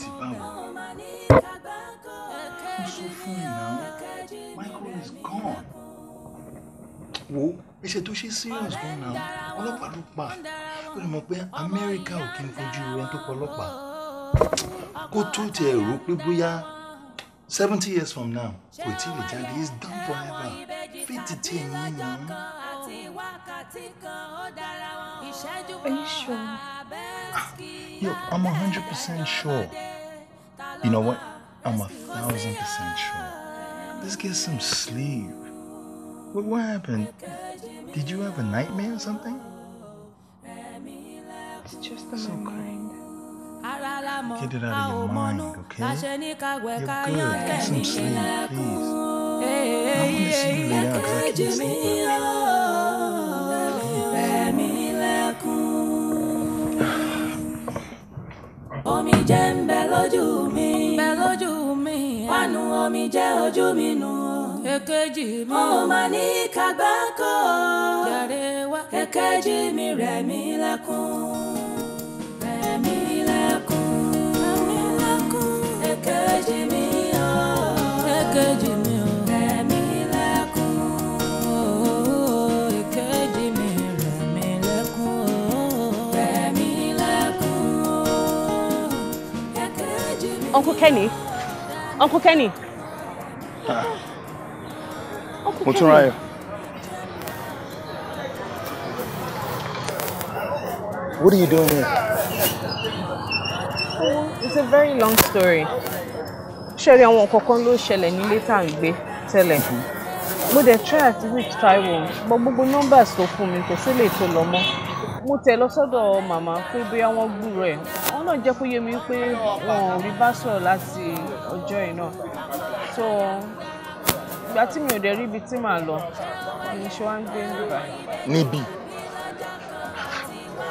F: ti báwo? Mo sọ Michael is gone.
A: Wo ẹsẹ̀ tó ṣe serious gan náà,
F: ọlọ́pàá ló pa. Ó lè mọ̀ pé Amẹ́ríkà ò kí n fojú rẹ̀ tó pọ̀ ọlọ́pàá. Kó tó tiẹ̀ rò pé seventy years from now, kò till the lè is
H: done forever. Fate ti ẹ̀yìn yìí Are you sure?
F: Yo, I'm a 100% sure. You know what? I'm a thousand percent sure. Let's get some sleep. What, what happened? Did you have a nightmare or something?
H: It's just in so my Get it out of your mind, okay? You're good. Get some sleep, please. I want to see you lay down because I can't sleep well. omi jẹ́ ń bẹ lójú mi bẹ lójú mi wánu omi jẹ́ ojú mi nù èkejì mi ò mà ní kàgbá kọ́ jàre wá èkejì mi rẹ̀ mí lẹ́kún rẹ̀ mi ò èkejì mi.
G: Uncle Kenny. Uncle Kenny. Ah.
F: Uncle Mo
E: What are you doing here?
D: Oh, it's a very long story. Ṣẹ̀rí àwọn kọ̀ọ̀kan ló ṣẹlẹ̀ nílé tá à ń gbé tẹ́lẹ̀. Mm-hmm. Mo dẹ̀ try àti reach Taiwo, gbọ́ But nọ́mbà tó fún mi kò sí lè tó lọ mo tẹ̀ lọ sọ́dọ̀ màmá pé bóyá wọ́n gbúrò ẹ̀ wọ́n náà jẹ́ kó yé mi pé wọn ò rí bá sọ̀rọ̀ láti ọjọ́ yìí náà so ìgbà tí mi ò dẹ̀ rí tí màá lọ ni ṣe wá ń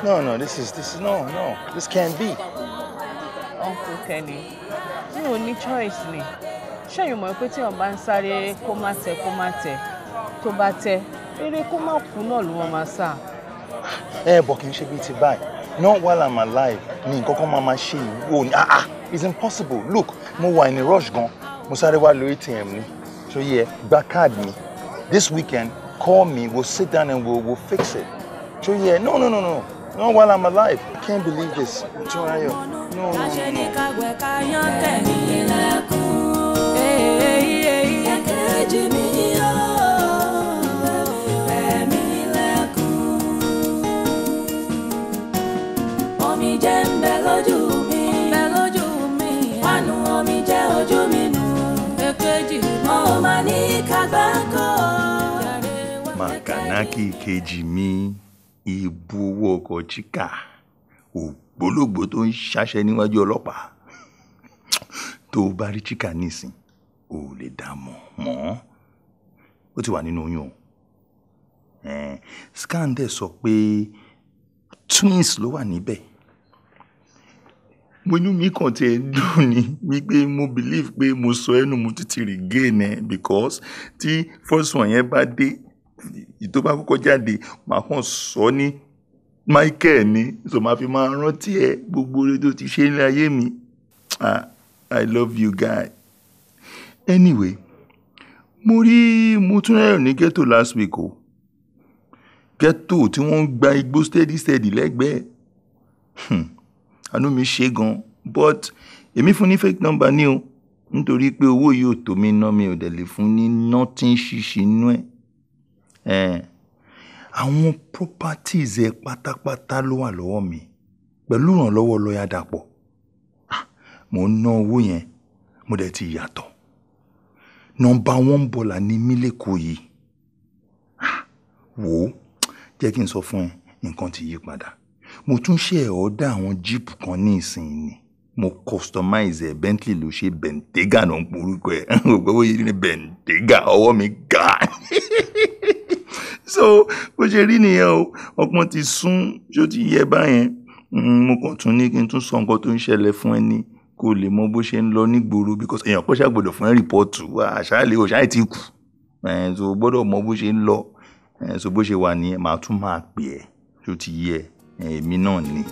F: no no this is this is no no this can't be.
D: uncle Kenny mi ò ní choice ni ṣẹ́yìn mọ̀ pé tí wọ́n bá ń sáré kó má tẹ kó má tẹ tó bá tẹ eré kó má kú náà ló wọ́n máa sá
F: ẹ bọ̀ kì í ṣe bíi ti báyìí not while i'm alive ni nǹkan kan máa ma ṣe ìwò ni ah ah it's impossible look mo wà ní rush gan mo sáré wá lo atm ni so yẹ gba card mi this weekend call me we'll sit down and we'll, we'll fix it so yẹ no no no no not while i'm alive i can't believe this tunrayo no no no. lákì kejì mi ìbu owó ọkọ̀ chika ògbólógbò tó ń ṣàṣẹ níwájú ọlọ́pàá tó bá rí chika nísìn ò lè dá mọ̀ mọ́ ó ti wà nínú oyún o scan dẹ̀ sọ pé twins ló wà níbẹ̀ mo inú mi kàn tiẹ̀ dùn ní wípé mo believe pé mo sọ ẹnu mo títí regain ẹ because tí first one yẹn bá dé ìtò bá kọ́kọ́ jáde màá kàn sọ ní Michael ni so màá fi máa rántí ẹ gbogbo rẹ tó ti ṣe ní ayé mi ah I love you guy anyway mo rí Motúnráyọ̀ ní ghetto last week o ghetto tí wọ́n ń gba igbó steady steady lẹ́gbẹ̀ẹ́ hmm, àánú mi ṣe gan but èmi fún ní fake number ní o nítorí pé owó yìí ò tó mi ná mi ò dẹ̀ lè fún ní nothing ṣíṣe inú ẹ̀ àwọn properties ẹ pátápátá ló wà lọ́wọ́ mi pẹ̀lú ìrànlọ́wọ́ lọ́ọ̀yà dàpọ̀ ah, mò ń ná owó yẹn mo dẹ̀ ti yàtọ̀ nọmba one bọ́là ni mí lẹ́kọ̀ọ́ yìí ah, wò ó jẹ́ kí n sọ fún ẹ nǹkan ti yí padà mo tún ṣe ọ̀ọ́dà àwọn jíìpù kan ní ìsinyìí mo customize ẹ bentley ló ṣe bentega náà ń porúkọ ẹ gbogbo owó yìí ní bentega ọwọ́ mi ga so bó ṣe rí nìyẹn o ọpọ́n ti sún ṣó ti yẹ báyẹn mm, mo kàn tún ní kí n tún sọ nǹkan tó ń ṣẹlẹ̀ fún ẹni kó lè mọ bó ṣe ń lọ nígboro because èèyàn kọ́ ṣàgbọ́dọ̀ fún ẹ rìpọ́ọ̀tù wá àṣàlẹ̀ o ṣáà ti kù eh, so gbọ́dọ̀ mọ bó ṣe ń lọ eh, so bó ṣe wà nìyẹn màá tún máa pè ẹ́ ṣó ti yẹ eh, èmi náà ni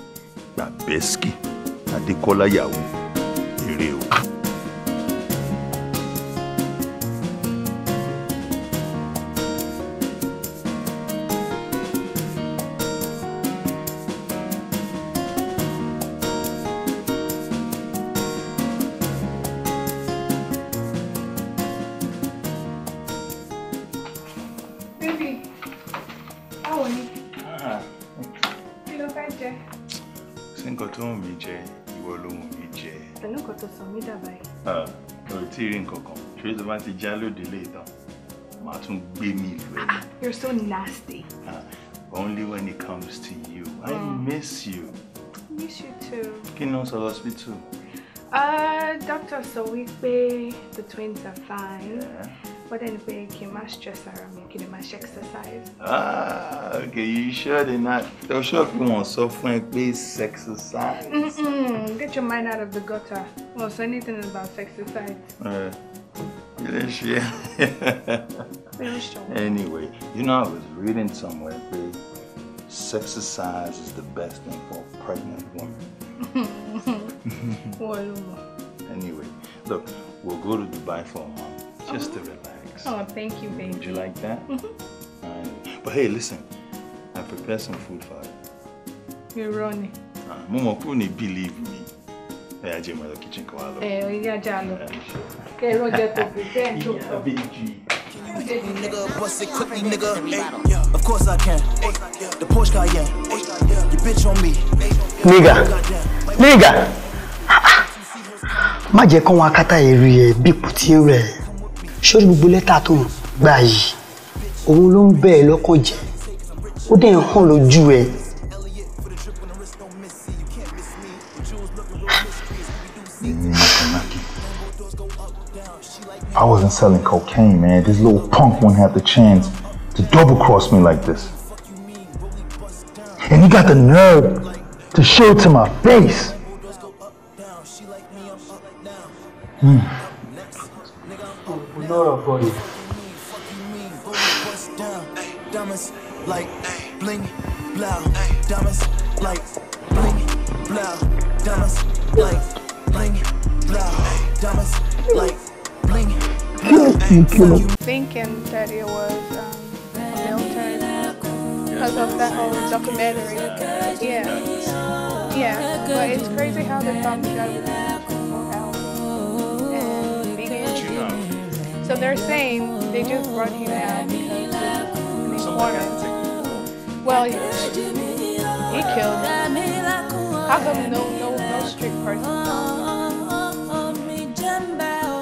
F: Gbàbẹ́sìkì adékọ́lá yàwó
B: èrè o.
D: Báwo ni? Ah, ah. Kí ló fẹ́ jẹ?
F: Ṣé nǹkan tó ń mi jẹ?
D: pẹ̀lú nǹkan tó sọ mí dàbà
F: yìí. ọ̀ tí ì rí nǹkan kan ṣé tó ti já lóde lè tán màá tún gbé mi ìlú ẹ̀. Ah, ah,
D: you're so nasty.
F: Ah, only when it comes to you I oh. miss you.
D: miss you too.
F: kí ni wọ́n sọ lọ́sibítù.
D: Uh, doctor sọ wípé the twins are fine. Yeah. But then You must n má stress ara mi kí n exercise.
F: Ah, okay, you sure dey not They're sure pé wọ́n sọ fún ẹ exercise. Mm
D: -mm, get your mind out of the gutter. Well, sọ anything about exercise.
F: Eh, kí ló Anyway, you know I was reading somewhere pé exercise is the best thing for a pregnant woman. Anyway, look, we'll go to Dubai for a month just to uh-huh. relax.
G: snacks. Oh, thank you, baby. Would you like that? Mm-hmm.
F: right. But hey, listen, I prepared some food for you. You're running. Mama, couldn't believe me. Hey, I just went to the kitchen.
E: Hey, we got jalo. Okay, we to pretend. Yeah, baby. Nigga, bust it quickly, nigga. Hey, of course I can. the Porsche guy, yeah. You bitch on me.
A: Nigga, nigga. Má jẹ́ kán wọn akátá èrè ẹ̀ bí kùtì rẹ̀. I gbogbo lẹ́tà tó gbà ló jẹ́ ó dẹ̀ lójú ẹ̀.
F: I wasn't selling cocaine, man. This little punk won't have the chance to double cross me like this. And he got the nerve to show it to my face.
A: Hmm. Ignore her
E: Diamonds like bling, blow. Diamonds like bling, blow. Diamonds like bling, blow. Diamonds like bling, Thinking
D: that it was um, because of that whole documentary. Yeah. Yeah. But it's crazy how the family got So they're saying they just
H: brought him out because they wanted. Well, he, he killed. How come no no no strict person?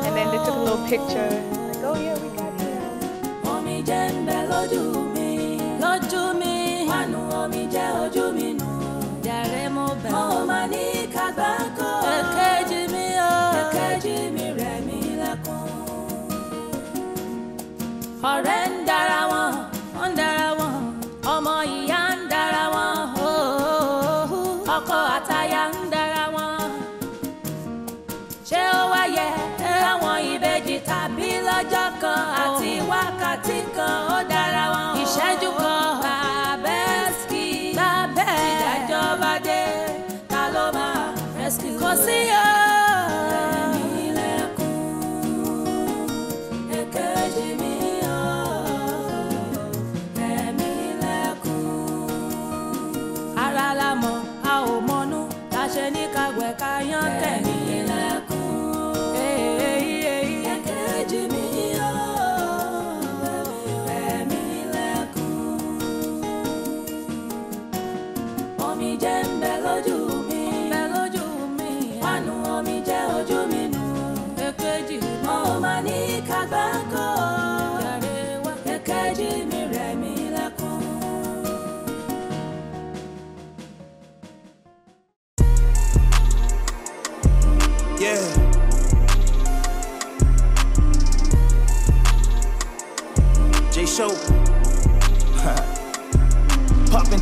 H: And then they took a little picture. Like, oh yeah, we got him. Ẹ̀kẹ́jì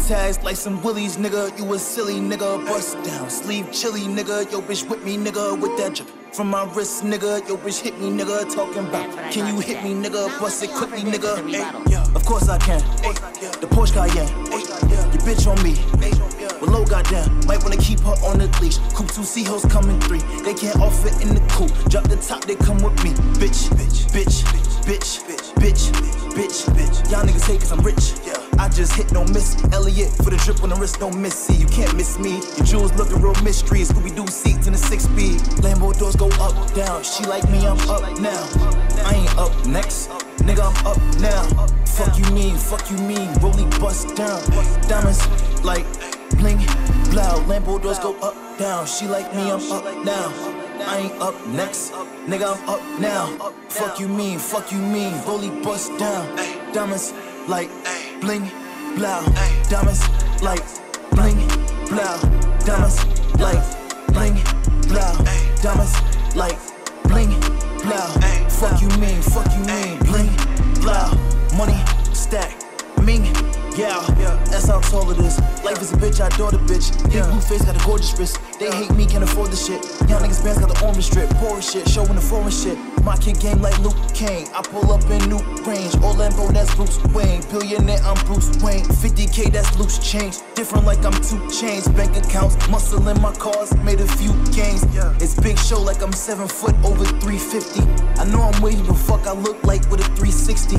E: tags like some willies, nigga. You a silly nigga. Bust down, sleeve chilly, nigga. Yo, bitch, with me, nigga, with that drip. From my wrist, nigga, yo, bitch, hit me, nigga, talking about. Can you hit me, nigga? Bust it quickly, nigga. yeah. Of course I can. Ay, yeah. The Porsche Cayenne. Yeah. Your bitch on me. Below goddamn, might wanna keep her on the leash. Coop two seahorses coming three. They can't offer in the coop. Drop the top, they come with me. Bitch, bitch, bitch, bitch, bitch, bitch, bitch. bitch. Y'all niggas hate cause I'm rich. Yeah. I just hit no miss. Elliot for the drip on the wrist, don't miss. See, you can't miss me. Your jewels looking real mysteries. Scooby Doo seats in the six speed. Lambo doors go up, down. She like me, I'm up now. I ain't up next. Nigga, I'm up now. Fuck you mean, fuck you mean. Rolly bust down. Diamonds like bling, loud. Lambo doors go up, down. She like me, I'm up now. I ain't up next. Nigga, I'm up now. Fuck you mean, fuck you mean. Rolly bust down. Diamonds like bling, blow. Diamonds like bling, blow. Diamonds like bling, blow. Diamonds like bling, blow. Fuck you mean, fuck you mean, bling, blow. Money stack, ming yeah, that's how tall it is. Life is a bitch, I adore the bitch. Big blue face got a gorgeous wrist. They hate me, can't afford the shit. Young niggas pants got the orange strip, poor shit, showing the foreign shit. My kid game like Luke Kane. I pull up in new range. Orlando, that's Bruce Wayne. Billionaire, I'm Bruce Wayne. 50k, that's loose change. Different like I'm two chains. Bank accounts, muscle in my cars, made a few gains. It's big show like I'm seven foot over 350. I know I'm waiting, but fuck, I look like with a 360.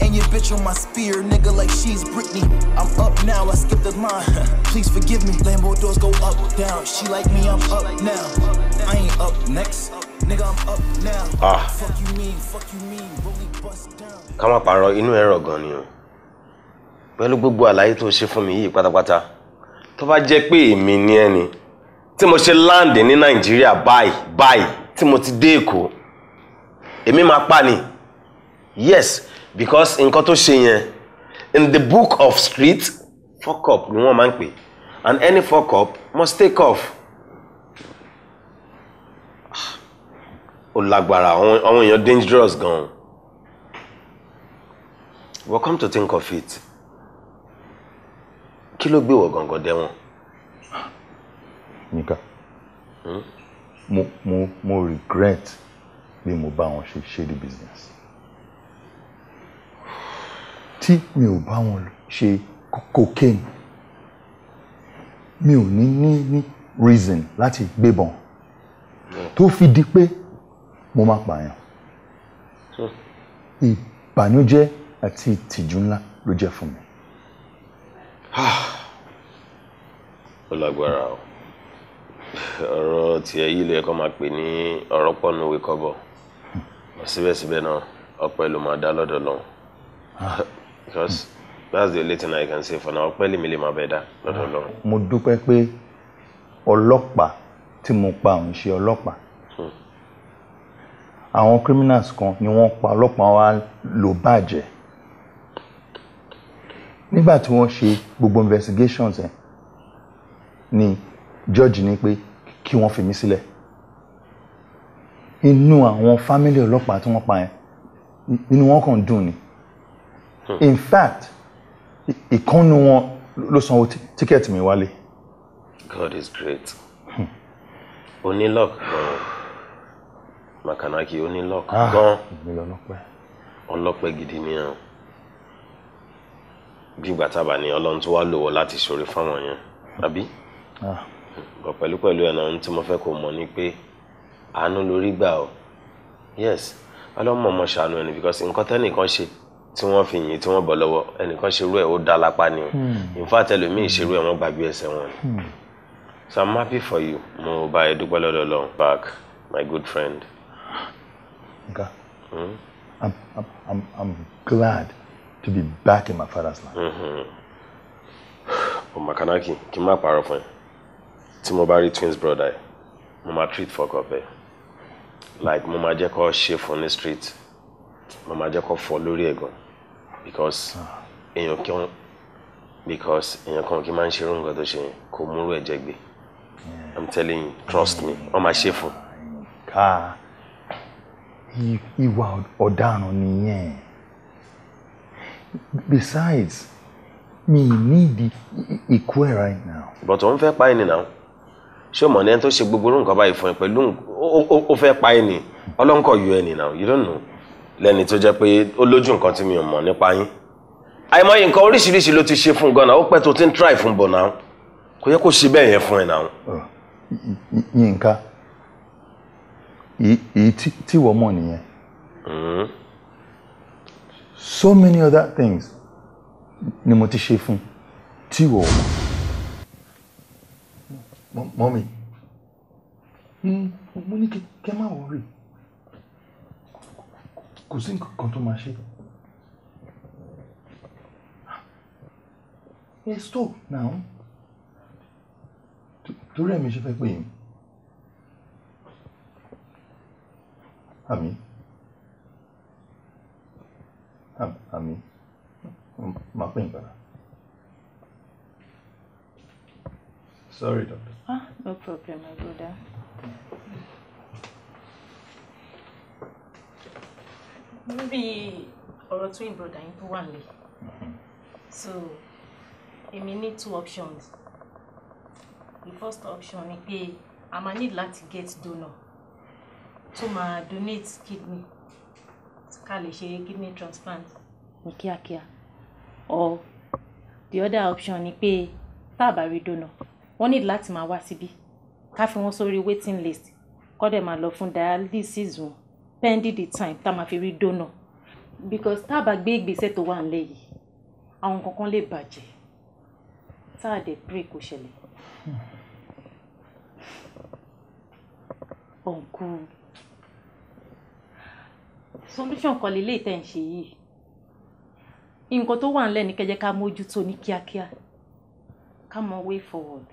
E: And your bitch on my spear, nigga, like she's Britney. I'm up now, I skipped the line. Please forgive me. Lambo doors go up, down. She like me, I'm up now. I ain't up next. Nigga, I'm up now. Ah. Fuck you mean, fuck you mean,
C: really bust down. Ká má parọ́, inú ẹ̀rọ gan ni o. gbogbo àlàyé tó ṣe fún mi yìí pátápátá. Tó bá jẹ́ pé èmi ni ẹni tí mo ṣe láǹdì ní Nàìjíríà báyìí báyìí tí mo ti dé Èkó. Èmi máa pa ni. Yes, because nǹkan tó ṣe yẹn in the book of street fuck up ni wọ́n máa ń pè and any fuck up must take off ó lágbára àwọn èèyàn dangerous gan-an but come to think of it kí ló gbé wọ gangan dẹ́wọ̀n. Nika hmm?
F: mo mo mo regret pé mo bá wọn ṣe shady business tí mi ò bá wọn ṣe cocaine mi ò ní ní ní reason láti gbébọn tó fi di pé mo máa pààyàn ìbànújẹ́ àti ìtìjú ńlá ló jẹ́ fún mi. Ah.
C: ó lágbára o ọ̀rọ̀ tiẹ̀ yìí lè kọ́ máa pè ní ọ̀rọ̀ pọ̀nù òwe kọ́bọ̀ síbẹ̀síbẹ̀ náà ọpẹ́ ló máa dá lọ́dọ̀ lọ́hùn. Ah because that's the only thing i can say for now ọpẹ́ lèmi lè máa bẹ dá lọ́dọ̀ Ọlọ́run.
F: mo dúpẹ́ pé ọlọ́pàá tí mo pa òun ṣe ọlọ́pàá hmm. àwọn criminals kan ni wọ́n pa ọlọ́pàá wa lò bàjẹ́ nígbà tí wọ́n ṣe gbogbo investigations ẹ̀ ni judge ní pé kí wọ́n fi mí sílẹ̀ inú àwọn family ọlọ́pàá tí wọ́n pa yẹn inú wọn kàn dùn ni Hmm. in fact ìkànnì wọn ló sanwó tíkẹ́ẹ̀tì mi wálé.
C: God is great. onílọ́ọ̀k gan-an Makanaki onílọ́ọ̀k ah,
F: gan-an
C: ọlọ́pẹ́ gidi ni ẹ̀ bí ìgbà tábà ni ọlọ́run tó wá lò wọ́ láti ṣoore fáwọn yẹn àbí ah. bọ̀ pẹ̀lú pẹ̀lú ẹ̀nà ohun tí mo fẹ́ kó mọ̀ ni pé àánú lórí gbà ọ́ yes ọlọ́mọ ọmọ ṣàánú ẹni because nǹkan tẹ́nìkan ṣe tí wọ́n fi yìn tí wọ́n bọ̀ lọ́wọ́ ẹnìkan ṣerú ẹ̀ ó dá lápá ni o hmm. in fact ṣerú ẹ̀ wọ́n gbàgbé ẹsẹ̀ wọn hmm. so i'm happy for you mo bá ẹ dúpẹ́ lọ́dọ̀ lọ́hùn back my good friend. Okay. Mm?
F: I'm, I'm, I'm, glad to be back in my father's
C: land. Mm-hmm. ọmọ kanaki kí n má parọ́ fún ẹ tí mo bá rí twins brother ẹ mo máa treat fọk ọbẹ like mo máa jẹ́ kó ṣe fún ní street mo máa jẹ́ kó fọ́ lórí ẹ̀gàn because èèyàn kí wọn because èèyàn kan kì í máa ń ṣe irú nǹkan tó ṣe yẹn kò múrú ẹ̀jẹ̀ gbé i'm telling you trust me wọ́n máa ṣe fún.
F: ká ìwà ọ̀daràn nìyẹn besides mi need ikú ẹ̀ right
C: now. but òun fẹ́ pa ẹni náà ṣé o mọ̀ ní ẹni tó ṣe gbogbo irú nǹkan báyìí fún ẹ pẹ̀lú ó fẹ́ pa ẹni ọlọ́nkọ̀ yọ ẹni náà you don't know lẹ́ni tó jẹ́ pé ó lójú nǹkan tí mi ò mọ̀ nípa yín àìmọye nǹkan oríṣiríṣi ló ti ṣe fún gan ó pẹ́ tó ti ń try fún bọ̀ kò yẹ kó ṣe bẹ́ẹ̀ yẹn fún ẹ náà.
F: yínká èyí tí wọ́n mọ̀ nìyẹn hmm. so many other things ni mo ti ṣe fún tí wọ́n mọ̀ mọ́mí hmm, mo ní kẹ́ má wọ́n rèé. Cozinho contou mais chico. És tu? Não. Tu, tu já me foi com A mim? A, a mim? Uma pímpara.
H: Sorry, doctor. Ah, no problema, my brother.
G: níbi ọ̀rọ̀ twin brother yín tó wà nílẹ̀ so may need two options the first option ni pé a máa need láti get donor tó my donate kidney ká lè ṣe kidney transplant ní kíákíá or the other option ni pé tá a donor wọ́n need láti my wá síbí ká fi wọ́n waiting list Call them máa lọ fún dialysis pending the time tá a máa fi rí dónà because tá a bá gbé ìgbésẹ̀ tó wà nílẹ̀ yìí àwọn kankan lè bàjẹ́ tá a dẹ̀ pray kó ṣẹlẹ̀. ọ̀nkú solution kan lélẹ́yìí tẹ̀ ń ṣe yìí nǹkan tó wà nílẹ̀ ní kẹjẹ́ ká mójútó ní kíákíá ká mọ way forward.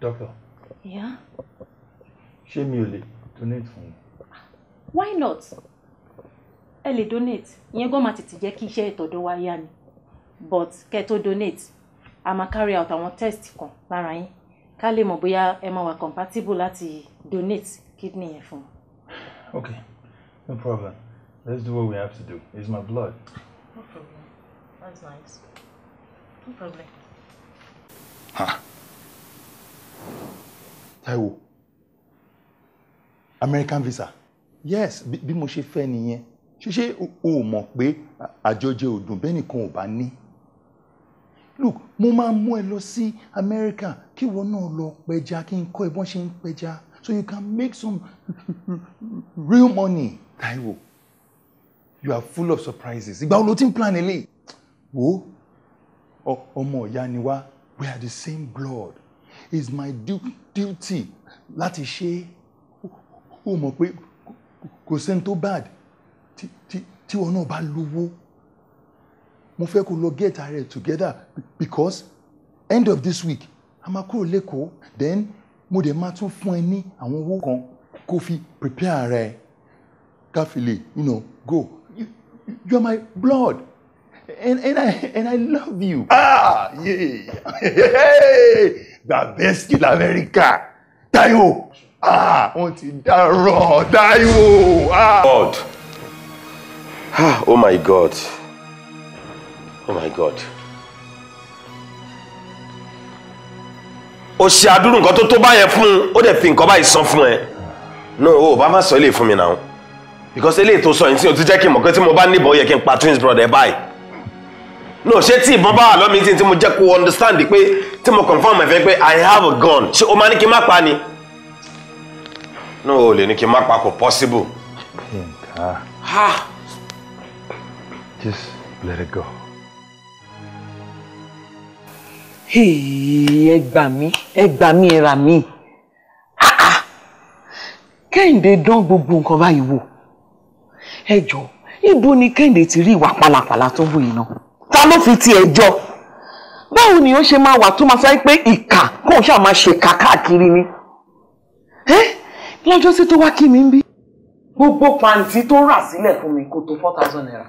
G: Doctor. Yeah.
F: ṣé mi ò lè donate fún un.
G: why not ẹ lè donate ìyẹn gan máa tètè jẹ́ kí iṣẹ́ ìtọ́jú wa yá ni but kẹ́ tó donate a máa carry out àwọn test kan lára yín ká lè mọ̀ bóyá ẹ máa wà compatible láti donate kidney yẹn fún un.
F: okay no problem let's do what we have to do it's my blood. no problem
C: that's nice no problem. Huh.
F: Taiwo, American visa yes bí mo ṣe fẹ́ nìyẹn ṣíṣe o mọ̀ pé àjọjẹ òdùn bẹ́ẹ̀ nìkan ò bá ní look mo máa mú ẹ lọ sí America kí ìwọ náà lọ pẹja kí n kọ́ ẹ ṣe ń pẹja so you can make some real money Taiwo. you are full of surprises ìgbà wo ló ti ń plan eléyìí wo ọmọ ìyá ni wá we are the same blood is my duty láti ṣe é ó mọ̀ pé kò sẹ́ni tó bad tí wọn náà bá lówó mo fẹ́ kó lọ get ara rẹ̀ together because end of this week a máa kúrò lẹ́kọ̀ọ́ then mo dẹ̀ máa tún fún ẹ ní àwọn owó kan kó fi prepare ara ẹ káfílẹ̀ you know go you, you are my blood and, and, I, and I love you. ah yeah. gbàbẹ́sì lamẹ́ríkà táíwò ah, wọ́n ti dárọ̀ táíwò. Ah. god
C: Ah, oh my god oh my god o ṣe àdúrú nǹkan tó tó báyẹn fún un ó dẹ̀ fi nǹkan báyìí san fún ẹ no o bá má sọ ilé fún mi náà because eléyìí tó sọ yìí tí o ti jẹ́ kí n mọ̀ pé tí mo bá níbọn yẹ kí n pa twins brother báyìí no ṣé tí ìbọn bá wà lọ́mí tí tí mo jẹ́ kó understand pé tí mo confirm ẹ̀fẹ́ pé i have a gun ṣé o máa ní kí n má pa ni no o lè ní kí n má pa kò possible.
F: Yinka just let it go.
A: ẹ gbà mí ẹ gbà mí ẹ rà mí ah, ah. kẹ́hìndé dán gbogbo nǹkan báyìí wò ẹ jọ ibo ni kẹ́hìndé ti rí ìwà pálapàla tó wù yìí náà ta ló fi tiẹ̀ jọ báwo ni ó ṣe máa wà tó máa sọ pé ìkà kò ṣáà máa ṣe kà káàkiri ni lọ́jọ́ sí tó wá kí mi ń bí gbogbo pàǹtí tó rà sílẹ̀ fún mi kò tó four thousand naira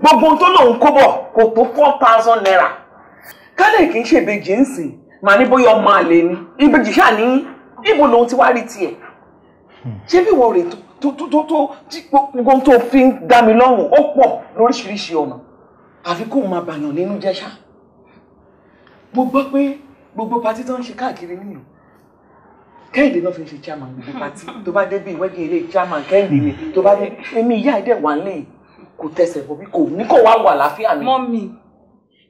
A: gbogbo tó lòun kó bọ̀ kò tó four thousand naira kálẹ̀ kì í ṣèbejì ń sìn màá ní bóyá ọmọ àlè ni ìbejì ṣáà ní ibo lòun ti wá rí tiẹ̀ ṣé bí wọ́n rè tó tó tó tó gbogbo tó fi ń dá mi lọ́rùn ó pọ̀ lóríṣiríṣi ọ̀nà àfi kó máa bàyàn nínú jẹ́ ṣá mo gbọ́ pé gbogbo patí tó ń ṣe káàkiri nìyẹn kẹ́hìndé náà fi ń ṣe chairman gbogbo patí tó bá dé bí ìwẹ́gì ilé chairman kẹ́hìndé mi tó bá dé èmi ìyá ẹ̀dẹ̀ wà lẹ́yìn kò tẹsẹ̀ bọ̀ bí kò ní kò wá wà láfíà mi. mọ́ mi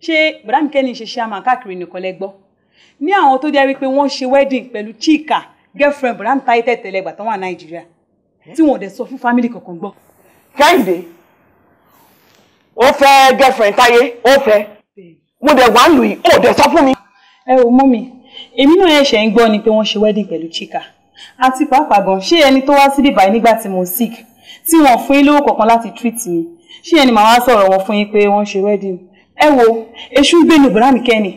A: ṣé bàdámi kẹ́ni ṣe chairman káàkiri nìkan lẹ ní àwọn tó jẹ́ wípé wọ́n ṣe wedding pẹ̀lú chika girlfriend bàdámi táyé tẹ̀tẹ̀lẹ̀ gbà tán wà nàìjíríà tí wọn ò dẹ̀ sọ fún family kankan gbọ́. kẹ́hìndé o fẹ́ girlfriend táyé o fẹ́ mo dẹ̀ wá lù yìí ó dẹ̀ sọ fún mi. e ò mọ mi èmi náà ẹ̀ṣẹ̀ ń gbọ́ ni pé wọ́n ṣe wedding pẹ̀lú chika àti pàápàá gan ṣé ẹni tó wá síbí báyìí nígbà tí mo sick tí wọ́n fún yín lówó kankan láti treat mi ṣé ẹni màá wá sọ̀rọ̀ wọn fún yín pé wọ́n ṣe wedding ẹ wo èṣù ń gbénu bùrá mi kẹ́ni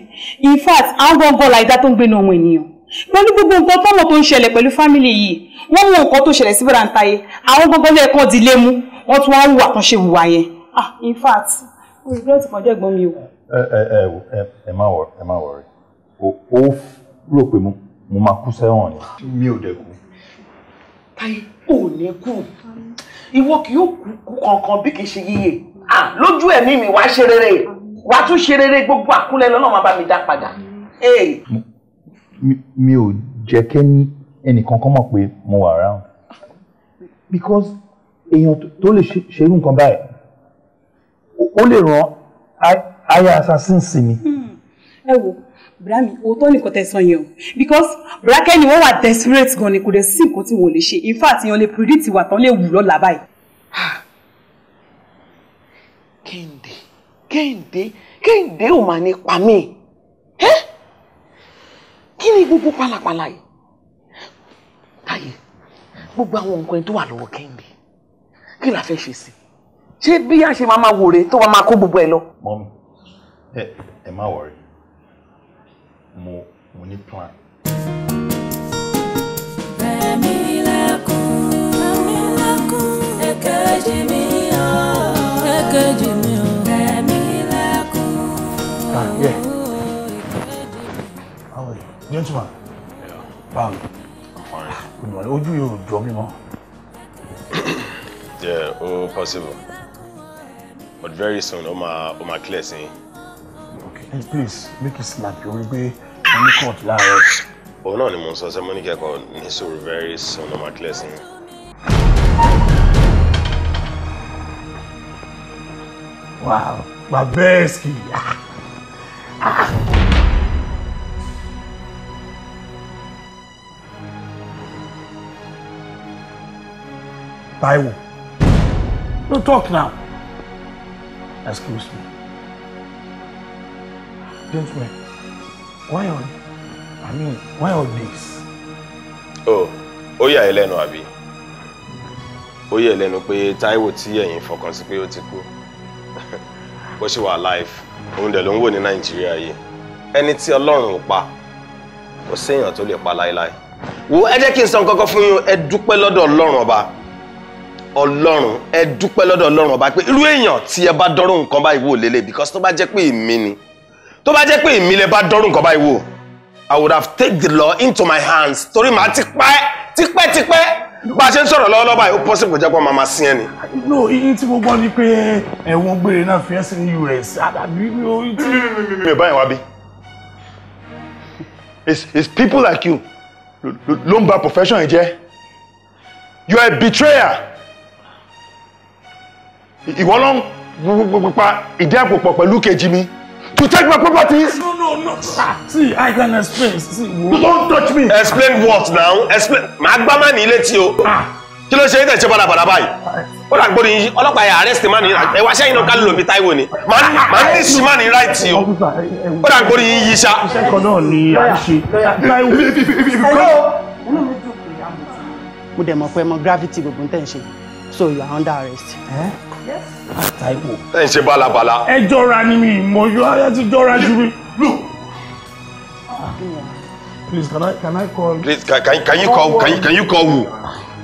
A: in fact àwọn gbọ̀ngàn láìdá tó ń gbénu ọmọ ènìyàn pẹ̀lú gbogbo nǹkan tọ́mọ̀ tó ń ṣẹlẹ̀ pẹ̀lú fámìlì yìí wọ́n mú nǹkan tó ṣẹlẹ̀ sí bọ́dà ń tayé àwọn gbọ̀ngàn lẹ́ẹ̀kan dìlé mú wọ́n tún wá hùwà kan ṣe hùwà yẹn ah in fact mo regret kan jẹ́ ẹ̀gbọ́n mi o.
F: ẹ ẹ ẹ ẹ má wọ ẹ má wọrí o ó rò pé mo máa kú sẹ́wọ̀n ni. mi ò dẹ̀ kú.
A: táyé ò ní kú ìwọ kì yóò kú kankan bí kì í ṣe yíyẹ lójú ẹ̀mí mi wàá ṣe rere wàá tún ṣe rere gbogbo àkúnlẹ̀ lọ́nà máa bá mi dá padà.
F: mi ò jẹ́ kẹ́ni ẹnìkan kan mọ̀ pé mo wà ráhùn because èèyàn tó lè ṣerú nǹkan báyìí ó lè ràn aya assassin sí mi.
G: Hmm. ẹ wo bùrá mi òótọ́ nìkan tẹ̀sán yẹn o because bùrá kẹ́ni wọ́n wà desperate gan ni kò dẹ̀ sí nǹkan tí wọ́n lè ṣe in fact yẹn lè predict
A: ìwà tán lè wù lọ́la báyìí. Kẹ́hìndé Kẹ́hìndé Kẹ́hìndé ò máa ní pa mí kí ni gbogbo pálapàla yìí Táyé gbogbo àwọn nǹkan tó wà lọ́wọ́ Kẹ́hìndé kí la fẹ́ ṣe sí i ṣé bí a ṣe máa máa wòrè tó máa máa kó gbogbo ẹ lọ.
F: mọ́mí ẹ ẹ má wọrí mo mo ní plan. ẹ̀mí
H: lẹ́kùn ẹ̀mí lẹ́kùn èkejì mi ọ̀ èkejì mi ọ̀ ẹ̀mí lẹ́kùn. ah yeah
B: how are you gentleman báwo ah, ojú yóò jọ mí mọ́.
C: yeah oh, possible but very soon ó máa ó máa clear sí.
B: okay please make you snap your way pé mo ní court
C: láàárọ̀. òun náà ni mo ń sọ sẹ́mọ́nì kẹ́kọ̀ọ́ ní sùúrù very soon ó máa clear sí.
H: wow
B: babeski. Taiwo. No talk now. Excuse me. Gentlemen, why on? I mean, why all this?
C: Oh, oh, yà ẹ́ lẹ́nu àbí? Ó yà ẹ́ lẹ́nu pé Táíwò tí ẹ̀yin fọkàn sí pé ó ti kú. Bó ṣe wà live, òun dẹ̀ ló ń wò ní Nàìjíríà yìí. Ẹni tí Ọlọ́run ò pa, kò séèyàn tó lè pa láéláé. Wo ẹ jẹ́ kí n sọ nǹkan kan fún yín, ẹ dúpẹ́ lọ́dọ̀ Ọlọ́run ọba ọlọ́run ẹ dúpẹ́ lọ́dọ̀ ọlọ́run ọba pé irú èèyàn tí ẹ bá dọ́rùn nǹkan báyìí wò lélẹ̀ because tó bá jẹ́ pé èmi ni tó bá jẹ́ pé èmi lẹ bá dọ́rùn nǹkan báyìí wò I would have taken the law into my hands torí màá ti pẹ́ tipẹ́ tipẹ́ bá a ṣe ń sọ̀rọ̀ lọ́wọ́lọ́wọ́ báyìí ó possible kò jẹ́ pé màmá sí ẹ ni.
B: no iye tí mo gbọ́ ni pé ẹ̀wọ̀n gbére náà fi ẹ́ sí ní US àbí orí tí. mi ò báyìí wá bí it's it's people like you ló ń ba profession yìí jẹ́ you are a betrayer ìwọ ló ń pupa ìdí àpò pọ̀ pẹ̀lú kejì mi to take my properties. No, no, no. Ah, see, I can explain. See, don't touch me. Explain
C: what now? Explain. Màá gbá má ní ilé tí o. Ah. Kí ló ṣe é tẹ̀sí padà padà báyìí? Ó dà gbóni yín, ọlọ́pàá yà arrest má ní ẹ wá sẹ́yìn náà ká lòmí Táíwò ni.
G: Màá ní sí má ní ráìtì o. Ó dà gbóni yín yí sá. Iṣẹ́ kan náà ni à ń ṣe. Táíwò. Mo dẹ̀ mọ̀ pé mo gravity gbogbo ń tẹ̀ ń ṣe so you are under arrest. Eh? Yes.
B: Taiwo. ẹ ń ṣe bálabàla. ẹ jọra ni mi mo yọ ayé ti jọra ju mi. Please, can I can I call? Please, can can, can you call can you, can you call who?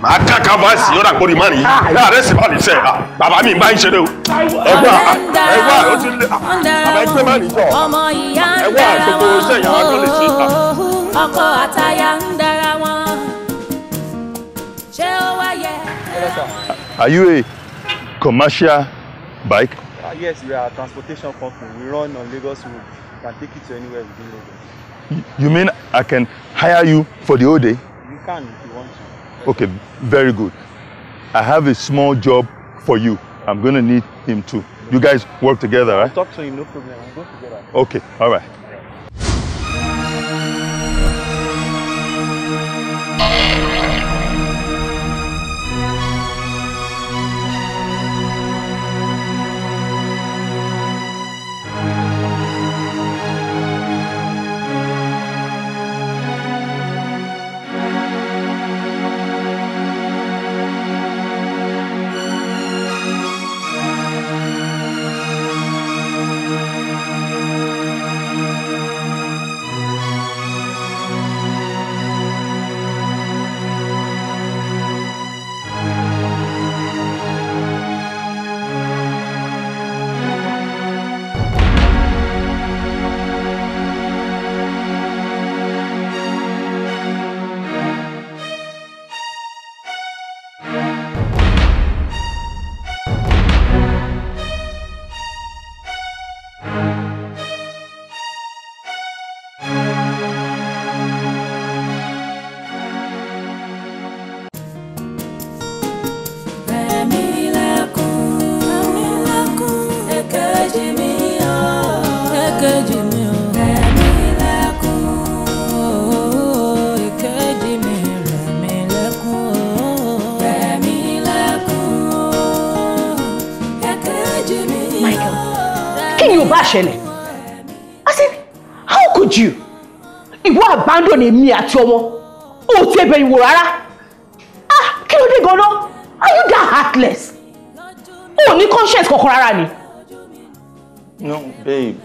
B: màá ká kábàásì yọ̀dà
C: kórìí márùn yìí náà ah. rẹ̀ sì bá mi sẹ́ ah,
H: bàbá mi bá ń ṣeré o
C: ẹgbà ẹgbà ó ti
H: lé ah, bàbá ẹgbẹ́ márùn yìí jọ ẹgbà gbogbo sẹ́yìn àwọn tó lè ṣe. ọkọ àtayá ń
F: Are you a commercial bike?
A: Uh, yes, we are a transportation
F: company. We run on Lagos Road. We can take you to anywhere within Lagos. You mean I can hire you for the whole day?
A: You can if you want to.
F: Okay, very good. I have a small job for you. I'm going to need him too. You guys work together, right?
B: I'll talk to him, no problem. We'll go together.
F: Okay, all right.
A: kí ni ò bá ṣẹlẹ̀ I said how could you ìwọ abandon èmi àti ọmọ ò tí ẹ bẹ̀rù wò rárá ah kí ló dé gan-an
D: are you that heartless ò ní conscience kankan rárá
F: ni. no babe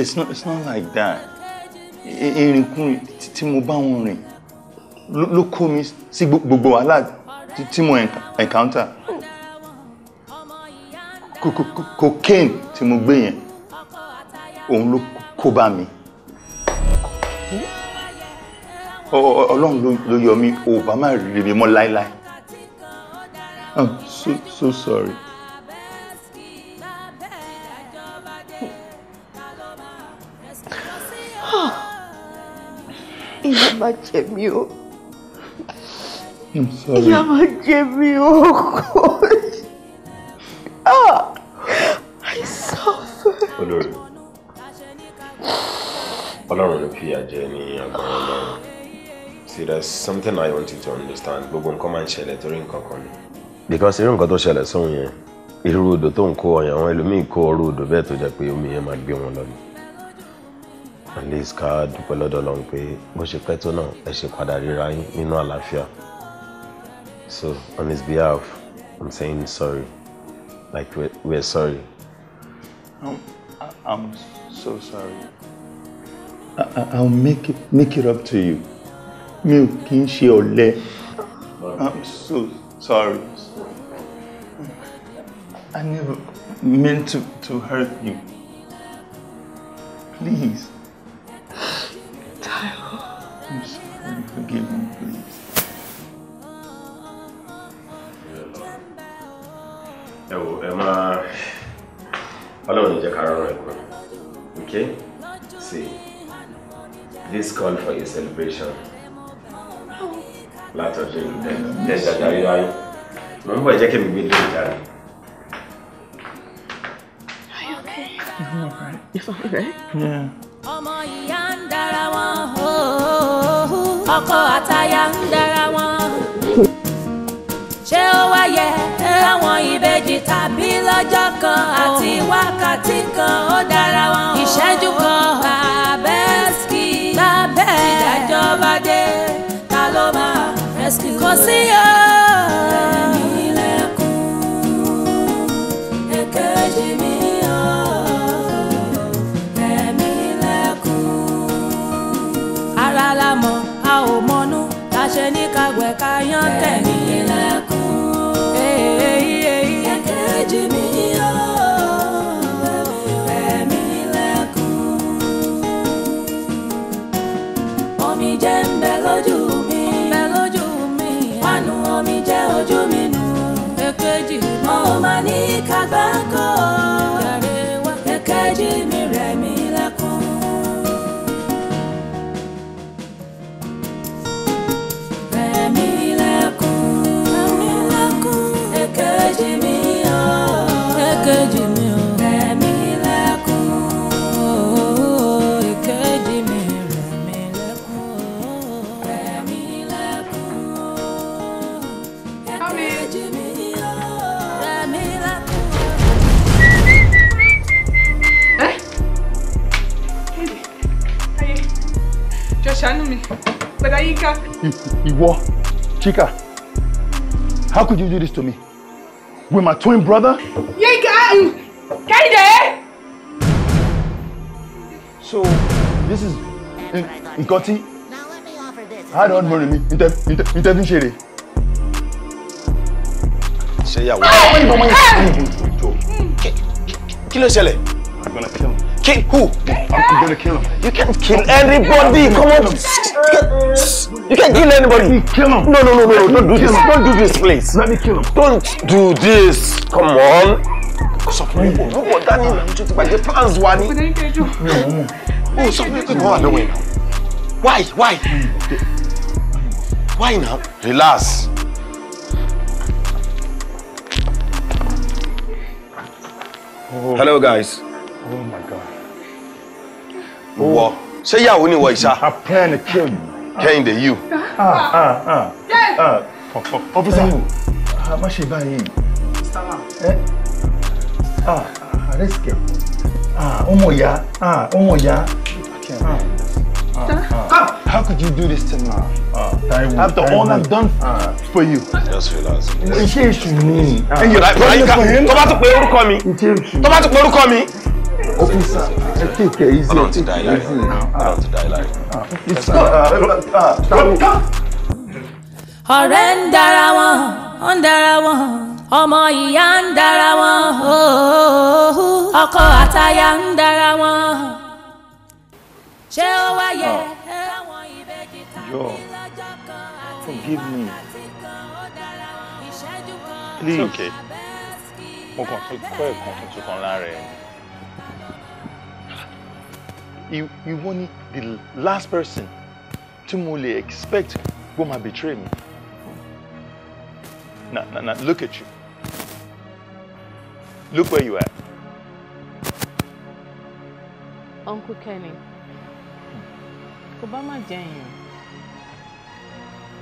F: it's not it's not like that ìrìnkúrìn tí mo bá wọn rìn ló kó mi sí gbogbo wàhálà tí mo encounter cocaine tí mo gbé yẹn òun ló kó bá mi ọlọ́run ló yọ mí ò bá má rí mi mọ́ láéláé i'm so so sorry.
A: ìyá máa jẹ mí o
E: ìyá
A: máa jẹ mí o kò. Ah!
C: olórí ọlọ́run ló fìyà jẹ ní agbára ọlọ́run see there's something I want you to understand gbogbo nǹkan máa ń ṣẹlẹ̀ torí nǹkan kan ni. because irú nǹkan tó ṣẹlẹ̀ sóhun yẹn irú odò tó ń kó ọyàn àwọn ẹlòmíín kó ọrú odò bẹ́ẹ̀ tó jẹ́ pé omi yẹn máa gbé wọn lọ ni at least ká dúpẹ́ lọ́dọ̀ ọlọ́run pé bó ṣe pẹ́ tó náà ẹ ṣe padà ríra yín nínú àlàáfíà so on his behalf I'm saying sorry like we're, we're sorry.
F: Um. I'm so sorry. I, I'll make it make it up to you. Mi ò kì í ọ̀lẹ. I'm so sorry. I never meant to, to hurt you. Please. Tyler.
C: I'm sorry. Forgive me, please. Yeah, well, Emma. Ọlọ́run jẹ́ ká rọrùn ẹ̀kọ́. Okay? See, this call for a celebration. Látọ̀jọ́ ìdẹ́gbẹ̀dẹ́gbẹ̀ ayé ayé. Mo ń bọ̀ jẹ́ kí mi gbé lórí ìjà rẹ̀.
F: I'm alright. You're fine, Yeah. Ọmọ ìyá
H: ń dára wọn, ọkọ àtaya ń dára wọn. Ṣé ó wáyé àwọn ìbí? méjì tàbí lọ́jọ́ kan àti oh. wákàtí kan ó dára wọn. ìṣẹ́jú kan tàbẹ́sì tàbẹ́ ìdájọ́ bá dé ta ló máa rẹ́sìkì kò sí o. Ara la a ò mọnú, la ṣe ní kagbẹ̀ka yán tẹ̀mí. kejì mi. mo máa ní kágbákò ẹ̀kẹ́jì mi rẹ̀ mi.
F: Iwo, Chika, how could you do this to me? With my twin brother? Yeah, Yinka, Kaide! So, this is Nkoti. I don't know me. Interview Shere. Ṣé ìyàwó? Kí ló ṣẹlẹ̀? I'm
B: gonna kill him. Kill who? I'm gonna kill him. You can't kill anybody. Come on. You can't kill anybody. Kill him. No, no, no, no, Don't do this. Don't do this, please. Let me kill him. Don't do this. Come on. Kò sọ fún mi
C: kò lówó dání ìlànà tó ti bàjẹ́ plans wa ni. Ó sọ fún mi kò wà lọ́wọ́ Why? Why? Why now? Relax. Hello guys.
B: Oh my God.
F: Wọ oh. ṣé ìyàwó ni wọ ìṣá? I plan to kill you. the you. Ah, ah, ah, ah, Ọfíìsà ah, ah, ah, eh, ah báyìí. Rẹ́sìkẹ̀ eh? ah, ìyá ah, ìyá. ah, ah How could you do this to me? ah, Taiwo, After Taiwo. all I've done uh, for you. Just relax. Iṣẹ́ èṣù ni. Tó bá tún pe orúkọ mi. Tó bá tún pe orúkọ mi officer ẹ kéèké easy ọlọ́run ti da ilá rẹ ọlọ́run ti da ilá rẹ.
H: ọ̀rẹ́ ń dára wọn ó ń dára wọn ọmọ ìyá ń dára wọn ọkọ àtaya ń dára wọn ṣé ó wáyé láwọn ah.
F: ìbejì tàbí lọ́jọ́ kan àti àti kan ó
H: dára ìṣẹ́jú
F: kan. Please. It's okay. Mo kàn fi kọ́ ẹ̀kan tuntun kan lára ẹ̀ ni. You, you ni the last person tí mo expect kó máa betray me na na na look at you look where you are.
D: uncle Kenny kò bá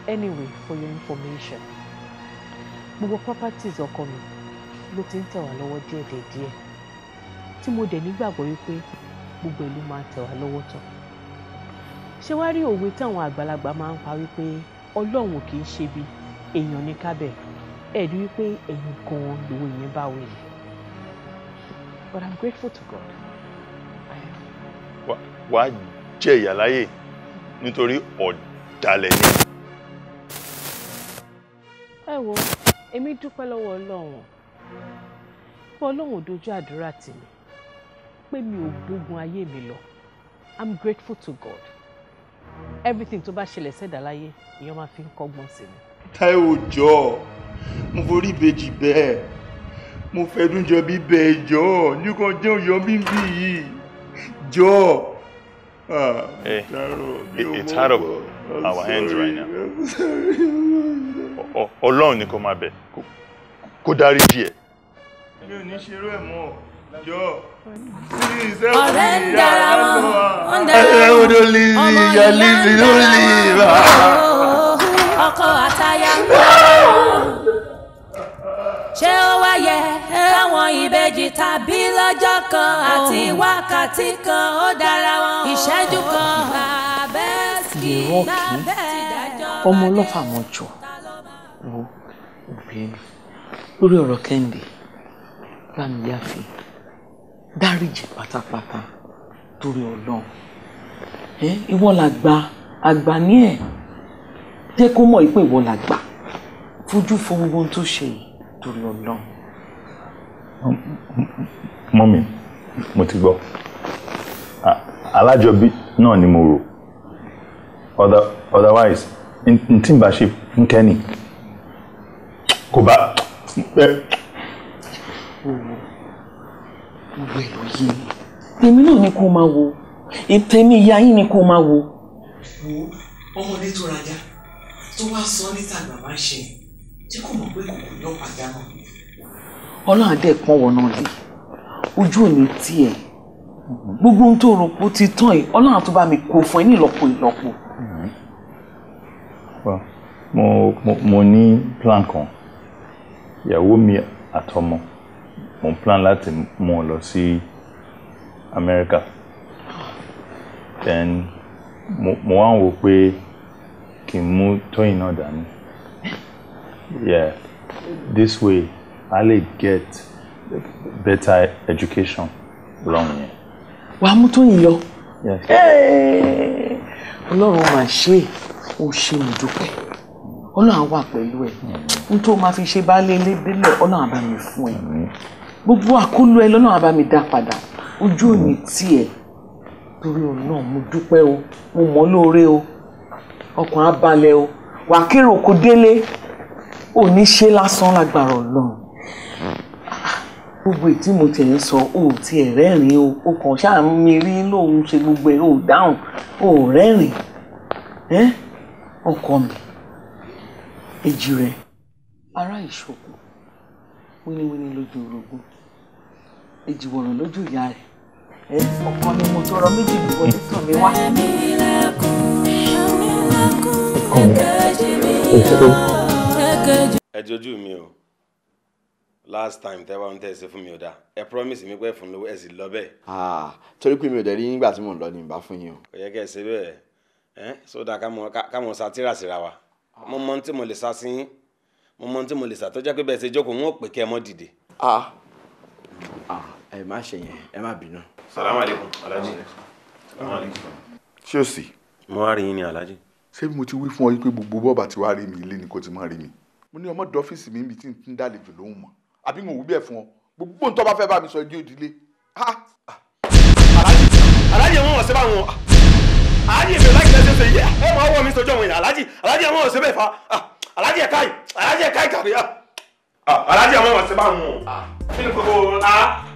D: anyway for your information gbogbo properties ọkọ mi ló ti ń tẹ̀ wá lọ́wọ́ díẹ̀ díẹ̀ tí mo dẹ̀ nígbàgbọ́ wípé gbogbo ẹ̀ ló máa tẹ̀ wá lọ́wọ́ tán ṣé wàá rí òwe táwọn àgbàlagbà máa ń pa wípé ọlọ́run kì í ṣe bí èèyàn ní kábẹ̀ ẹ̀ wípé ẹ̀yìn gan-an lówó yẹn bá wẹ̀ but I'm grateful to God.
F: wàá jẹ ìyà láyè nítorí ọ̀dàlẹ̀ ni.
D: ẹ wo èmi dúpẹ́ lọ́wọ́ ọlọ́run fún ọlọ́run dojú àdúrà tì mí pé mi ò gbógun ayé mi lọ i'm grateful to God everything tó bá ṣẹlẹ̀ ṣẹ̀dá láyé ìyẹn máa fi ń kọ́gbọ́n sí mi.
F: Táíwò jọ mo forí ìbejì bẹ́ẹ̀ mo fẹ́dún jọ bí bẹ́ẹ̀ jọ nìkan jẹ́ òyọ́ ah, eh, mi yìí jọ. it's hard of our hands right now ọlọ́run ni kò máa bẹ̀ kó dárí díẹ̀. mi ò ní ṣerú ẹ̀ mọ́
H: ọ̀rẹ́ ń dára wọn ó ń dára wọn ọmọ ìyá ń dára wọn ọkọ àtaya ṣé ó wáyé káwọn ìbejì tàbí lọ́jọ́ kan àti oh. wákàtí kan ó dára wọn ìṣẹ́jú oh. kan bàbẹ́sì
A: bàbẹ́sì ọmọ ọlọ́fà mọ́jọ wo obìnrin lórí ọ̀rọ̀ kẹ́hìndé bá mi yáfin dáríjì pátápátá torí ọlọ́run ìwọ la gba àgbà ní ẹ̀ jẹ́ kó mọ̀ pé ìwọ la gbà fojú fo gbogbo ohun tó ṣe yìí
F: torí ọlọ́run. mọ́mí mo ti gbọ́ alájọbí náà ni mo rò other otherwise n tí n bá ṣe fún kẹ́ni
B: kò bá gbogbo
A: ẹ̀ ló yé mi tèmi náà ni kó máa wo tèmi ìyá yín ni kó máa wo. wo ọmọdé tó rajà tó wá sọ níta bàbá ṣe tí kò mọ̀ pé kòkò yọ pàdánù. ọlọ́run dẹ̀ pọ́n wọnà lé ojú òní tiẹ̀ gbogbo ohun tó rò pó ti tán yìí ọlọ́run tó bá mi kó fún ẹ ní ìlọ́po
F: mo mo mo ní plan kan ìyàwó mi àtọmọ mo ń plan láti mú un lọ sí America then mo wá ń wò pé n mú Tóyìn náà dání yeah this way a lè get better education Long yẹn.
A: wàá mú Tóyìn lọ ọlọ́run máa ṣe é ó ṣe mí dúpẹ́ ọlọ́run wà pẹ̀lú ẹ̀ nítorí ó máa fi ṣe baálé ilé délẹ̀ ọlọ́run àbá mi fún ẹ gbogbo àkólú ẹ lọ́nà àbámi dá padà ojú òní tiẹ̀ torí òun náà mo dúpẹ́ o mo mọ̀ lóore o ọkàn á balẹ̀ o wà kérò délé ò ṣe lásán lágbára ọlọ́run gbogbo ètí mo tiẹ̀ ń sọ ò tiẹ̀ rẹ́rìn o ó kàn ṣáà mi rí lòun ṣe gbogbo ẹ̀ ò dáhùn ò rẹ́rìn ọkọ mi èjì rẹ ará ìṣòkò wíníwíní lójú orogún èjì wọ̀ràn lójú ìyá rẹ̀ ẹ ọ̀kan ni mo tọrọ méjì lùkọ́ ní tàn mí wá.
B: ẹ jojú mi o
C: last time tẹ́ ń tẹ̀sí fún mi ò dáa ẹ promise mi pé fún lówó ẹ sì lọ bẹ́ẹ̀. torí pé mi ò dẹ̀ rí nígbà tí mò ń lọ ní ìbá fún yín o. kò yẹ kẹ́ ẹ ṣe bẹ́ẹ̀ ẹ́ sódà ká mọ̀ sátírà síra wa mo mọ̀ ohun tí mo lè sá sí yín mo mọ tí mo lè ṣàtọ́jà pé bẹ́ẹ̀ ṣe jókòó wọn ò pè kẹ́ ẹ mọ́ dìde.
A: Ah. Ah, ẹ má ṣe yẹn ẹ má bínú.
B: salamu aleykum alhaji salamu aleykum.
F: ṣé o sì. mo wá rí yín ní alhaji. ṣé mo ti wí fún ọ pé gbogbo bọ́ọ̀bà tí wàá rí mi ilé ni kò ti máa rí mi.
B: mo ní ọmọ dọ́fíìsì mi níbi tí n ti ń dàlejò lóhùn mọ́ àbí mo wú bẹ́ẹ̀ fún ọ gbogbo nǹkan bá fẹ́ bá mi sọ ẹjọ́ ìdílé. alhaji alhaji wọn wọ̀ sí báwọn alhaji
C: èmi ò láì alájẹ káì alájẹ káì kàbíyà ah.
H: ah, alájẹ ọmọ wọn ṣe bá wọn o ah. kí ni kókó a.